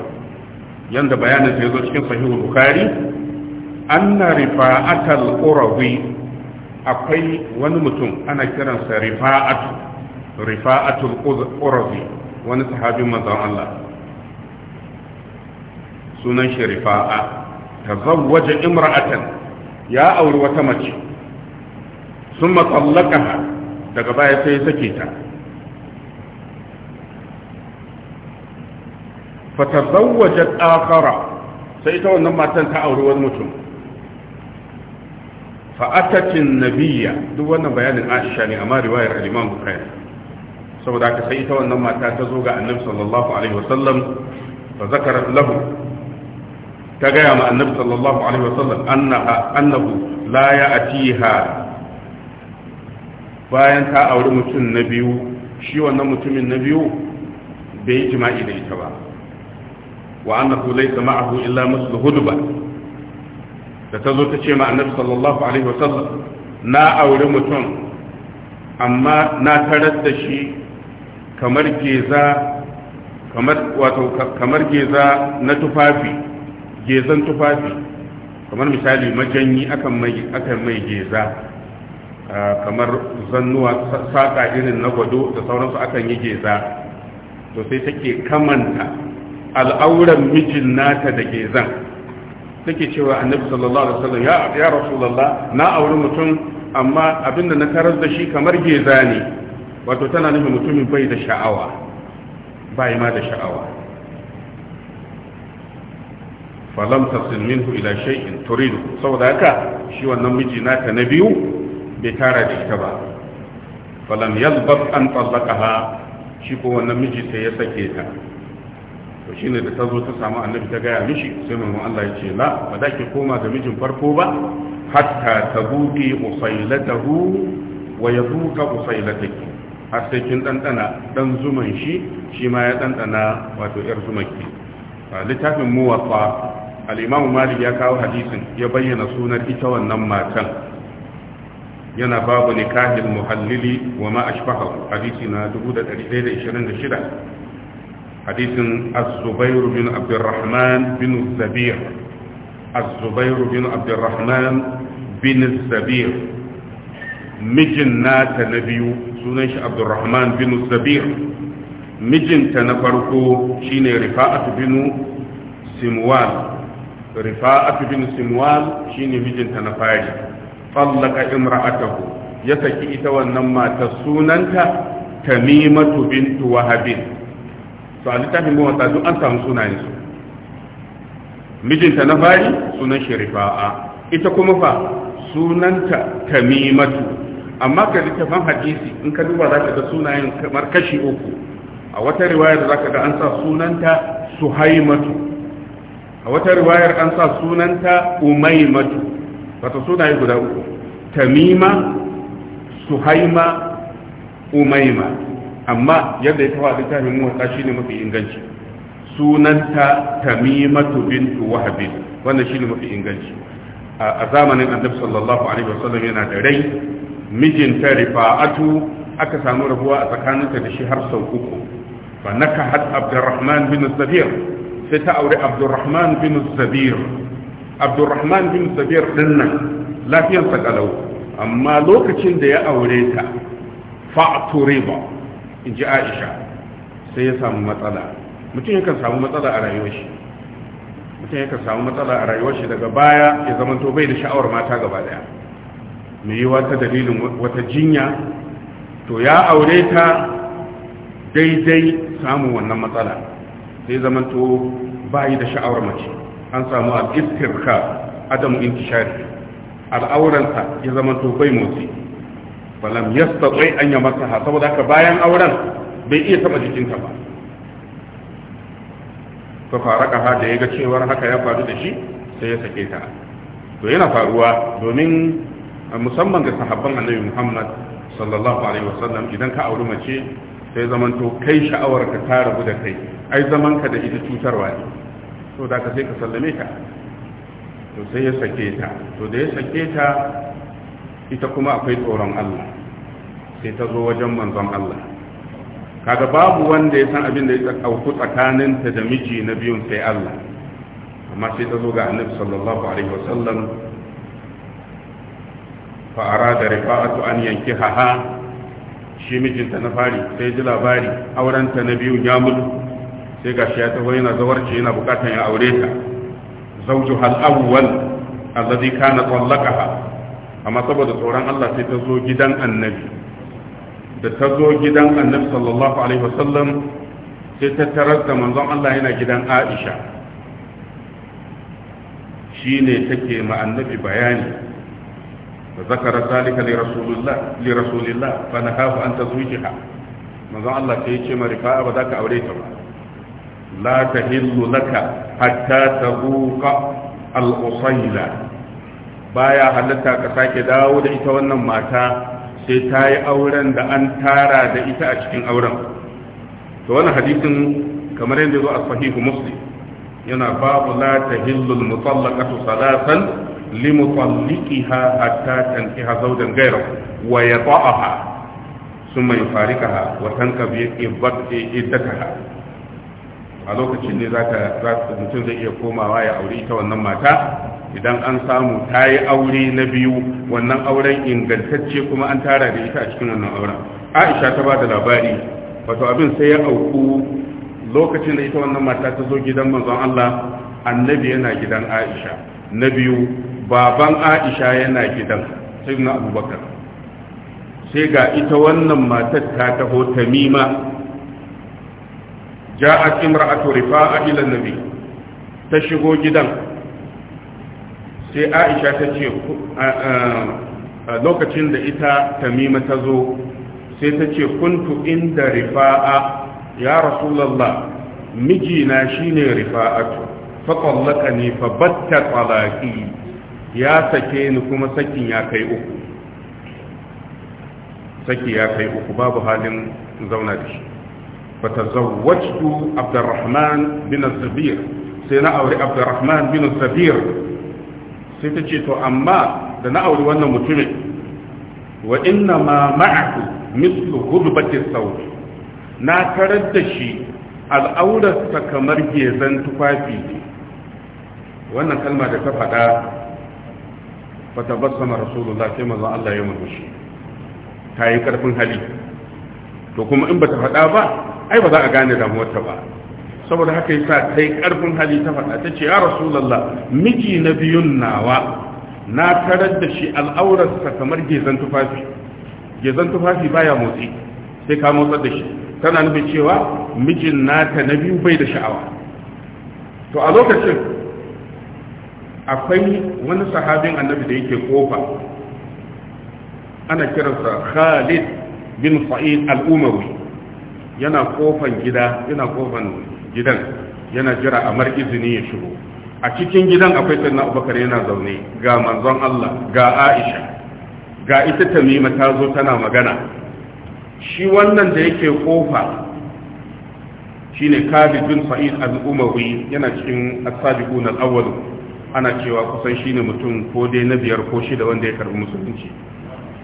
Yadda bayanin ya zo cikin bukari? An na anna rifa'atal ƙorafi. akwai wani mutum ana kiransa rifa'atu rifa'atul qurzi, wani sahabin manzon Allah sunan shi rifa'a tazawwaja imra'atan ya auri wata mace summa tallaqaha daga baya sai ya sake ta Fa fatazawwajat akhara sai ita wannan matan ta auri wani mutum fa'atatin nabiya duk wannan bayanin aisha ne amma riwayar al-imam bukhari saboda aka sai ita wannan mata ta zo ga annabi sallallahu alaihi wasallam fa zakarat lahu ta gaya ma annabi sallallahu alaihi wasallam annaha annahu la ya'tiha bayan ta auri mutum na biyu shi wannan mutumin na biyu bai yi jima'i da ita ba wa annahu laysa ma'ahu illa mislu hudba da ta zo ta ce ma annabi sallallahu alaihi wasallam na aure mutum amma na tarar da shi kamar geza kamar wato kamar geza na tufafi gezan tufafi kamar misali majanyi akan mai akan mai geza kamar zannuwa saka irin na gwado da sauransu akan yi geza to sai take kamanta al'auran mijin nata da gezan take cewa annabi sallallahu alaihi wasallam ya ya rasulullah na auri mutum amma abinda na tarar da shi kamar geza ne wato tana nufin mutumin bai da sha'awa bai ma da sha'awa falam tasil minhu ila shay'in turidu saboda haka shi wannan miji naka na biyu bai tara da ita ba falam yalbab an tallaqaha shi ko wannan miji sai ya sake ta to ne da ta zo ta samu annabi ta gaya mishi sai manzon Allah ya ce la ba da ki koma ga mijin farko ba hatta tabuki usailatahu wa yabuka usailataki har sai kin dandana dan zuman shi shi ma ya dandana wato yar ki. littafin muwatta al-imam malik ya kawo hadisin ya bayyana sunan ita wannan matan yana babu nikahil muhallili wa ma ashbahu hadisi na 1126 hadisin az-zubair bin abdurrahman bin zabir az bin abdurrahman bin zabir mijin nata na biyu sunan shi abdurrahman bin zabir mijinta na farko shine rifa'atu bin simwal rifa'atu bin simwal shine mijinta na fari tsallaka imra'atahu ya saki ita wannan matar sunanta tamimatu bintu wahabin to a littafin mawata duk an samu sunayen su mijinta na fari sunan sharifa'a ita kuma fa sunanta tamimatu amma ka littafin hadisi in ka duba za ka ga sunayen kamar kashi uku a wata riwayar za ka ga an sa sunanta suhaimatu a wata riwayar an sa sunanta umaimatu wata sunaye guda uku tamima suhaima umaima amma yadda ya tawa littafin shi ne mafi inganci sunanta tamimatu bintu wahabi wannan ne mafi inganci a zamanin annabi sallallahu alaihi wasallam yana da rai mijinta rifa'atu aka samu rabuwa a tsakaninta da shi har sau uku fa nakahat abdurrahman bin zabir sai ta aure abdurrahman bin zabir abdurrahman bin zabir dinnan lafiyarsa kalau amma lokacin da ya aure ta fa'turiba in ji aisha sai ya samu matsala mutum yakan samu matsala a rayuwar shi mutum yakan samu matsala a rayuwar shi daga baya ya zama to bai da sha'awar mata gaba daya mai yi wata dalilin wata jinya to ya aure ta daidai samun wannan matsala sai zama to bayi da sha'awar mace an samu al-iskirka, adamu, intishari al'auransa ya zama to bai motsi Balam yastati an yamassaha saboda haka bayan auren bai iya taba jikinta ba fa faraqaha da yaga cewar haka ya faru da shi sai ya sake ta to yana faruwa domin musamman ga sahabban annabi Muhammad sallallahu alaihi wasallam idan ka auri mace sai zamanto kai sha'awar ka ta rabu da kai ai zaman ka da ita cutarwa ne to da ka sai ka sallame ta to sai ya sake ta to da ya sake ta ita kuma akwai tsoron Allah sai ta zo wajen manzon Allah kaga babu wanda ya san abin da ya tsakauku tsakaninta da miji na biyun sai Allah amma sai ta zo ga annabi sallallahu alaihi wasallam fa arada rifa'atu an yankihaha shi mijinta na fari sai ji labari aurenta na biyun ya mutu sai shi ya taho yana zawarci yana bukatan ya aure ta zawju hal awwal alladhi kana tallaqaha amma saboda tsoron Allah sai ta zo gidan annabi da ta zo gidan annabi sallallahu alaihi wasallam sai ta tarar da manzon Allah yana gidan Aisha shine take ma annabi bayani فذكر ذلك لرسول الله لرسول الله فنهاه عن ba za ka aure ta ba la لا تهل hatta حتى تذوق الأصيلة baya halatta ka sake dawo da ita wannan mata sai ta yi auren da an tara da ita a cikin auren to wannan hadisin kamar yadda zo a sahihu muslim yana babu la tahillul mutallaqatu salatan li mutalliqiha hatta tankiha zawjan ghayrahu wa yata'aha ثم يفارقها وتنكب عدتها a lokacin ne ka mutum zai iya komawa ya aure ita wannan mata idan an samu ta yi aure na biyu wannan auren ingantacce kuma an tara da ita a cikin wannan auren aisha ta ba da labari wato abin sai ya auku lokacin da ita wannan mata ta zo gidan manzon Allah annabi yana gidan aisha na biyu baban aisha yana gidan na abubakar sai ga ita wannan matar ta taho tamima ja'at imra'atu rifa ila nabi ta shigo gidan sai aisha ta ce lokacin da ita tamima ta zo sai ta ce kuntu inda rifa'a ya rasulallah mijina shine rifa'atu faƙallaka ne fa batta talaki ya sake ni kuma sakin ya kai uku saki ya kai uku babu halin zauna da shi فتزوجت عبد الرحمن بن الزبير سينا أوري عبد الرحمن بن الزبير سيتجيت أما دنا أوري وانا متمع وإنما معه مثل غضبة الثوب na tarar da shi al'aurarsa kamar gezan tufafi wannan kalma da ta faɗa fata basama rasulullah sai mazan Allah ya murmushi ta yi ƙarfin hali to kuma in ba ta faɗa ba ai ba za a gane damuwarta ba saboda haka yasa ta yi karfin hali ta faɗa ta ce ya rasulallah miji na biyun nawa na tarar da shi al'aurarsa kamar gezan tufafi gezan tufafi baya motsi sai ka motsar da shi tana nufin cewa mijin nata na biyu bai da sha'awa to a lokacin akwai wani sahabin annabi da yake kofa ana kiransa khalid bin sa'id al-umawi yana kofan gida yana kofan gidan yana jira a mar izini ya shigo a cikin gidan akwai sayyidina abubakar yana zaune ga manzon Allah ga Aisha ga ita Tamima ta zo tana magana shi wannan da yake kofa shine Khalid bin Sa'id al-Umawi yana cikin as-sabiqun al-awwal ana cewa kusan shine mutum ko dai na biyar ko shida wanda ya karbi musulunci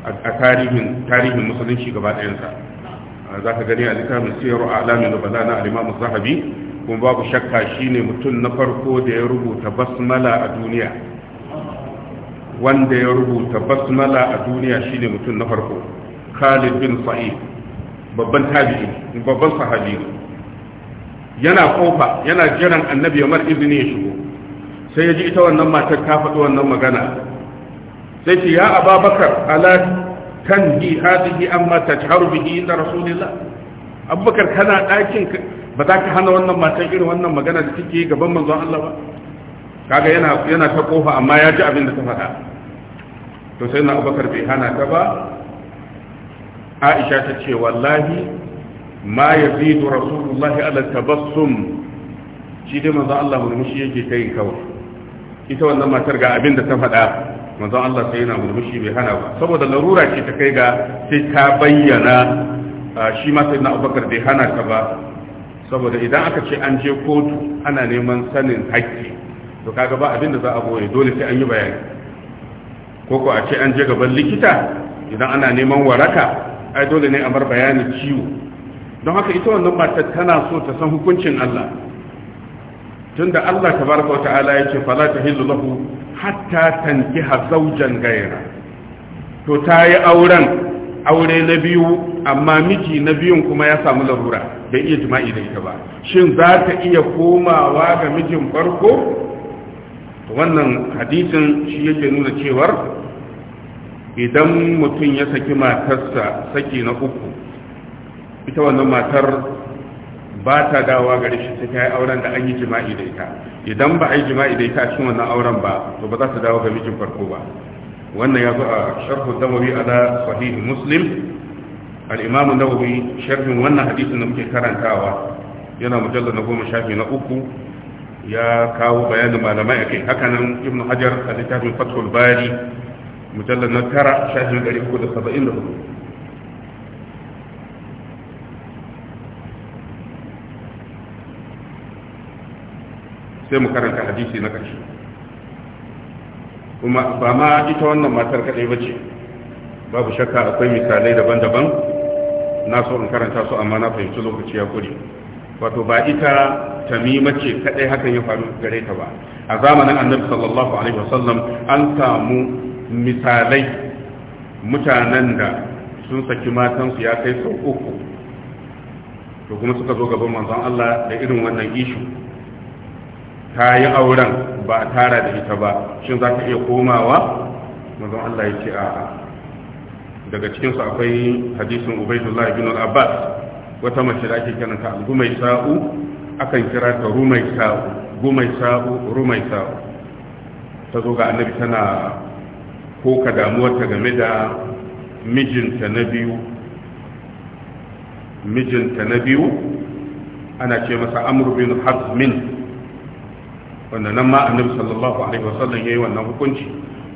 a tarihin tarihin musulunci gaba ɗayansa za ka gani a littafin siyarwa alamin da bala na alimamu zahabi kuma babu shakka shine mutum na farko da ya rubuta basmala a duniya wanda ya rubuta basmala a duniya shine mutum na farko khalid bin sa'id babban tabi'i babban sahabi yana kofa yana jiran annabi Umar izini ya shigo sai ya ji ita wannan matar ta faɗi wannan magana sai ce ya ababakar ala tanhi hadhihi amma tajharu bihi inda rasulillah abubakar kana ɗakin ba za ka hana wannan matan irin wannan magana da take gaban manzon Allah ba kaga yana yana ta kofa amma ya ji abin da ta faɗa to sai na abubakar bai hana ta ba aisha ta ce wallahi ma yazidu rasulullahi ala tabassum shi dai manzon Allah murmushi yake kai kawai ita wannan matar ga abin da ta faɗa manzon Allah sai yana murmushi bai hana ba saboda larura ce ta kai ga sai ka bayyana shi ma sai na Abubakar bai hana ka ba saboda idan aka ce an je kotu ana neman sanin haƙƙi to kaga ba abin da za a boye dole sai an yi bayani ko ko a ce an je gaban likita idan ana neman waraka ai dole ne a bar bayani ciwo don haka ita wannan matar tana so ta san hukuncin Allah tunda Allah tabaraka wa ta'ala yake fala tahillu lahu hatta tankiha zawjan gaira. to ta yi auren aure na biyu amma miji na biyun kuma ya samu larura bai iya jima'i da ita ba shin za ta iya komawa ga mijin farko wannan hadisin shi yake nuna cewar idan mutum ya saki matarsa saki na uku ita wannan matar ba ta dawowa gare shi sai ta yi auren da an yi jima'i da ita idan ba a yi jima'i da ita a cikin wannan auren ba to ba za ta dawo ga mijin farko ba wannan ya zo a sharhu dawawi ala sahih muslim al-imam nawawi sharhin wannan hadisin da muke karantawa yana mujallal na goma shafi na uku ya kawo bayanin malamai akai haka nan ibnu hajar a littafin fathul bari mujallal na tara shafi hudu. sai mu karanta hadisi na ƙarshe kuma ba ma ita wannan matar kaɗai ba ce babu shakka akwai misalai daban-daban na so in karanta su amma na fahimci lokaci ya kuri wato ba ita tamima ce kaɗai hakan ya faru gare ta ba a zamanin annabi sallallahu alaihi wasallam an samu misalai mutanen da sun saki matansu ya kai sau uku to kuma suka zo gaban manzon Allah da irin wannan ishu ta yi auren ba a tara da ita ba shin za ta iya komawa mazan Allah ya ce a daga cikinsu akwai hadisin ubaidullah bin al-abbas wata mace da ake kiranta al-gumai sa'u akan kira ta rumai sa'u gumai sa'u rumai sa'u ta zo ga annabi tana ko koka ta game da mijinta na biyu mijinta na biyu ana ce masa amru bin hazmin wanda nan ma annabi sallallahu alaihi wasallam yayi wannan hukunci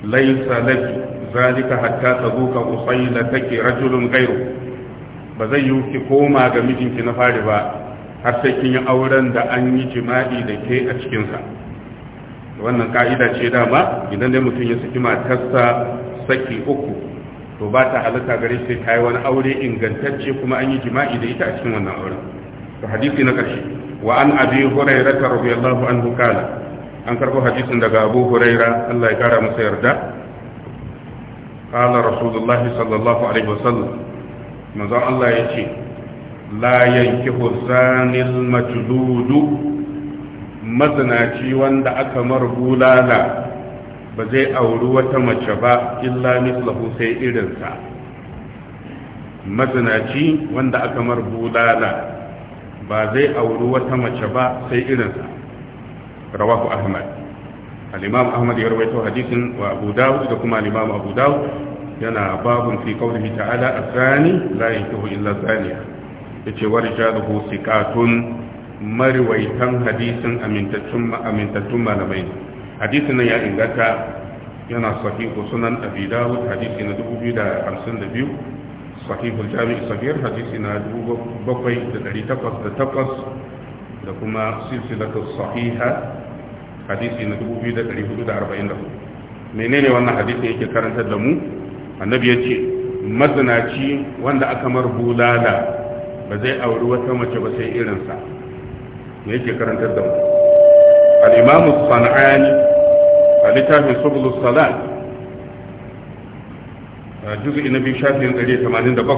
laisa laki zalika hatta tazuka usayla taki rajulun ghayru ba zai yi ki koma ga mijinki na fari ba har sai kin yi auren da an yi jima'i da ke a cikin wannan ka'ida ce dama idan dai mutum ya saki matarsa saki uku to ba ta halatta gare sai ta yi wani aure ingantacce kuma an yi jima'i da ita a cikin wannan auren to hadisi na ƙarshe wa an abi hurairata radiyallahu anhu kana an karbo hadisin daga abu huraira Allah ya kara masa yarda qala rasulullahi sallallahu alaihi wasallam manzo Allah yace la yankihu zanil majludu mazinaci wanda aka marbulala ba zai auri wata mace ba illa mislahu sai irinsa mazinaci wanda aka marbulala ba zai auri wata mace ba sai irinsa rawahu ahmad al-imam ahmad ya rawaito hadisin wa abu dawud da kuma al-imam abu dawud yana babun fi qawlihi ta'ala azani la yankihu illa zaniya yace wa rijaluhu siqatun marwaitan hadisin amintattun malamai malamai hadisin nan ya inganta yana sahihu sunan abi dawud hadisi na 2052 sahihul jami'i sahihar hadisi na 7808 da kuma silsilatu sahiha hadisi na 2444 menene wannan hadisi yake karanta da mu annabi ya ce mazinaci wanda aka mar bulala ba zai auri wata mace ba sai irinsa me yake karantar da mu al-imamu a littafin subulus juzu'i na biyu shafin ya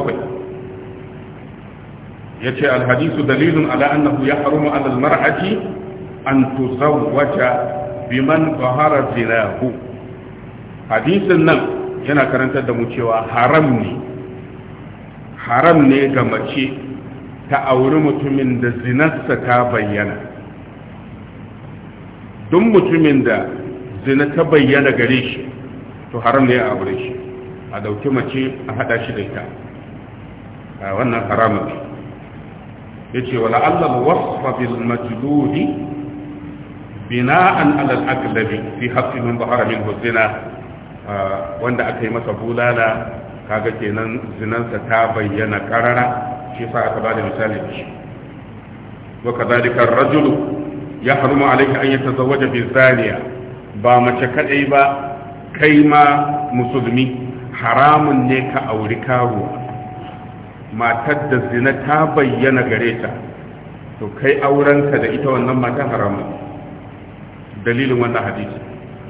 yace alhadisu dalilun ala annahu yahrumu ala almar'ati an tuzawwaja biman zahara zinahu hadisin nan yana karantar da mu cewa haram ne haram ne ga mace ta auri mutumin da zinarsa ta bayyana duk mutumin da zina ta bayyana gare shi to haram ne a aure shi a ɗauki mace a haɗa shi da ita wannan haramun ya ce wala allal wasfa bil majludi bina'an alal aglabi fi haqqi man bahara min wanda aka yi masa bulala kaga kenan zinansa ta bayyana karara shi sa aka bada misali da shi wa kadhalika ar-rajulu yahrumu alayka an yatazawwaja bi zaniya ba mace kaɗai ba kai ma musulmi haramun ne ka auri karuwa matar da zina ta bayyana gare ta to kai aurenka da ita wannan matan haramun dalilin wannan hadisi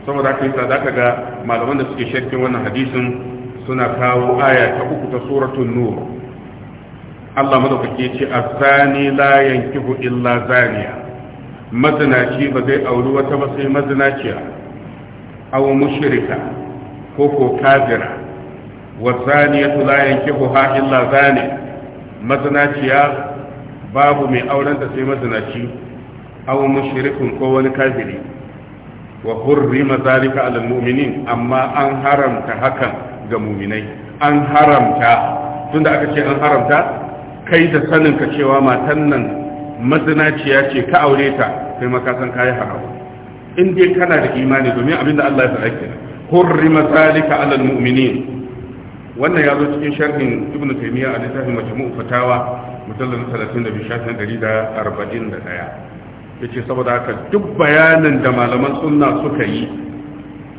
saboda haka yasa zaka ga malaman da suke shakkin wannan hadisin suna kawo aya ta uku ta suratun nur Allah madaukake ce azani la yankihu illa zaniya mazinaci ba zai auri wata ba sai mazinaciya aw mushrika ko ko kafira والثانية لا yankihuha illa zani mazinaciya babu mai auren ta sai mazinaci aw mushrikun ko wani kafiri wa hurrima zalika alal mu'minin amma an haramta hakan ga mu'minai an haramta aka ce an haramta kai da sanin ka cewa matan nan mazinaciya ce ka aure ta kai ma ka san kai haram in dai kana da imani domin abinda Allah ya faɗa kenan Hurri zalika alal mu'minin wannan ya zo cikin sharhin ibnu taymiya a littafin majmu'u fatawa mujallal 32 shafin 141 yace saboda haka duk bayanin da malaman sunna suka yi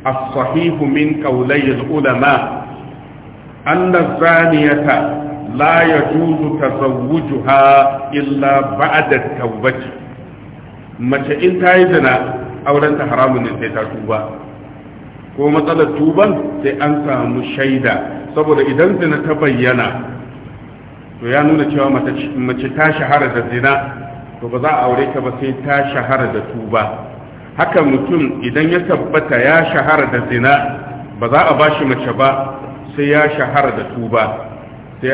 as-sahih min qawlay al-ulama anna az-zaniyata la yajuzu tazawwujuha illa ba'da tawbati mace in ta yi zina auren ta haramun ne sai ta tuba ko matsalar tuban sai an samu shaida saboda idan zina ta bayyana to ya nuna cewa mace ta shahara da zina to ba za a aure ka ba sai ta shahara da tuba haka mutum idan ya tabbata ya shahara da zina ba za a bashi mace ba sai ya shahara da tuba sai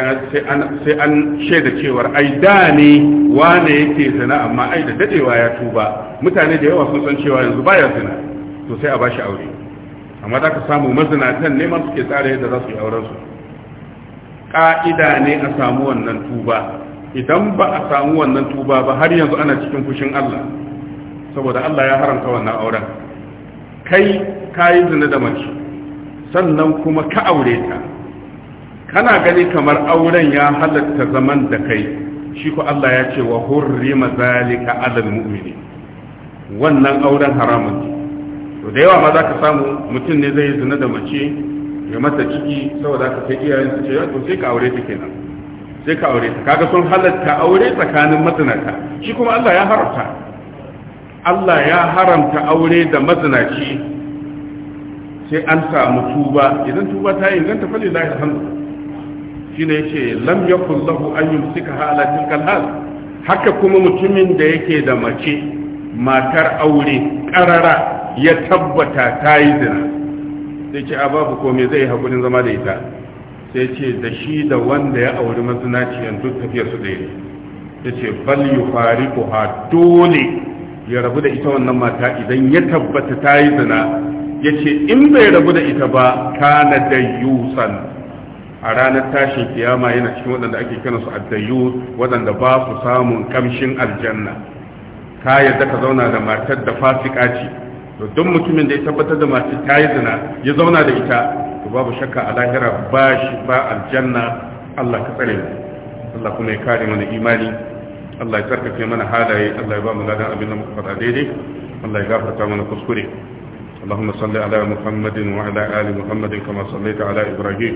an shaida cewar ai da ne wane yake zina amma ai da dadewa ya tuba mutane da yawa sun san cewa yanzu baya zina to sai a bashi aure amma za ka samu mazinatan neman suke tsara yadda za su yi aurensu ka'ida ne a samu wannan tuba idan ba a samu wannan tuba ba har yanzu ana cikin fushin Allah saboda Allah ya haramta wannan auren kai ka yi zina da mace sannan kuma ka aure ta kana gani kamar auren ya halatta zaman da kai shi ko Allah ya ce wa hurrima zalika alal mu'mini wannan auren haramun to da yawa ma za ka samu mutum ne zai zina da mace ya mata ciki saboda ka kai iyayen su ce ya sai ka aure ta kenan sai ka aure ta kaga sun halatta aure tsakanin mazinata shi kuma Allah ya haramta Allah ya haramta aure da mazinaci sai an samu tuba idan tuba ta yi inganta fa lillahi alhamdu ne yace lam yakul lahu an yumsika ala tilkal hal haka kuma mutumin da yake da mace matar aure karara ya tabbata ta yi zina sai ce a babu komai zai haƙurin zama da ita sai ce da shi da wanda ya auri mazinaciyan duk tafiyar su ɗaya ya ce bal yi fari ha dole ya rabu da ita wannan mata idan ya tabbata ta yi zina ya ce in bai rabu da ita ba na da yusan a ranar tashin kiyama yana cikin waɗanda ake su addayu waɗanda ba su samun kamshin aljanna ka yadda ka zauna da matar da fasika ce to duk mutumin da ya tabbatar da mace ta yi zina ya zauna da ita to babu shakka a lahira ba shi ba aljanna Allah ka tsare mu Allah kuma ya kare mana imani Allah ya tsarkake mana halaye Allah ya ba mu ladan abin da muka faɗa daidai Allah ya gafarta mana kuskure اللهم صل على محمد وعلى آل محمد كما صليت على إبراهيم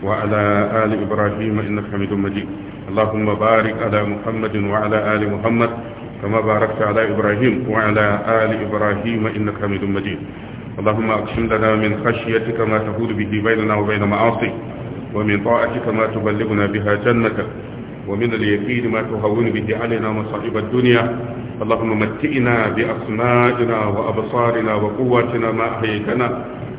وعلى آل إبراهيم إنك حميد مجيد اللهم بارك على محمد وعلى آل محمد كما باركت على إبراهيم وعلى آل إبراهيم إنك حميد مجيد اللهم أقسم لنا من خشيتك ما تهود به بيننا وبين معاصيك ومن طاعتك ما تبلغنا بها جنتك ومن اليقين ما تهون به علينا مصائب الدنيا اللهم متئنا بأسمائنا وأبصارنا وقواتنا ما أحييتنا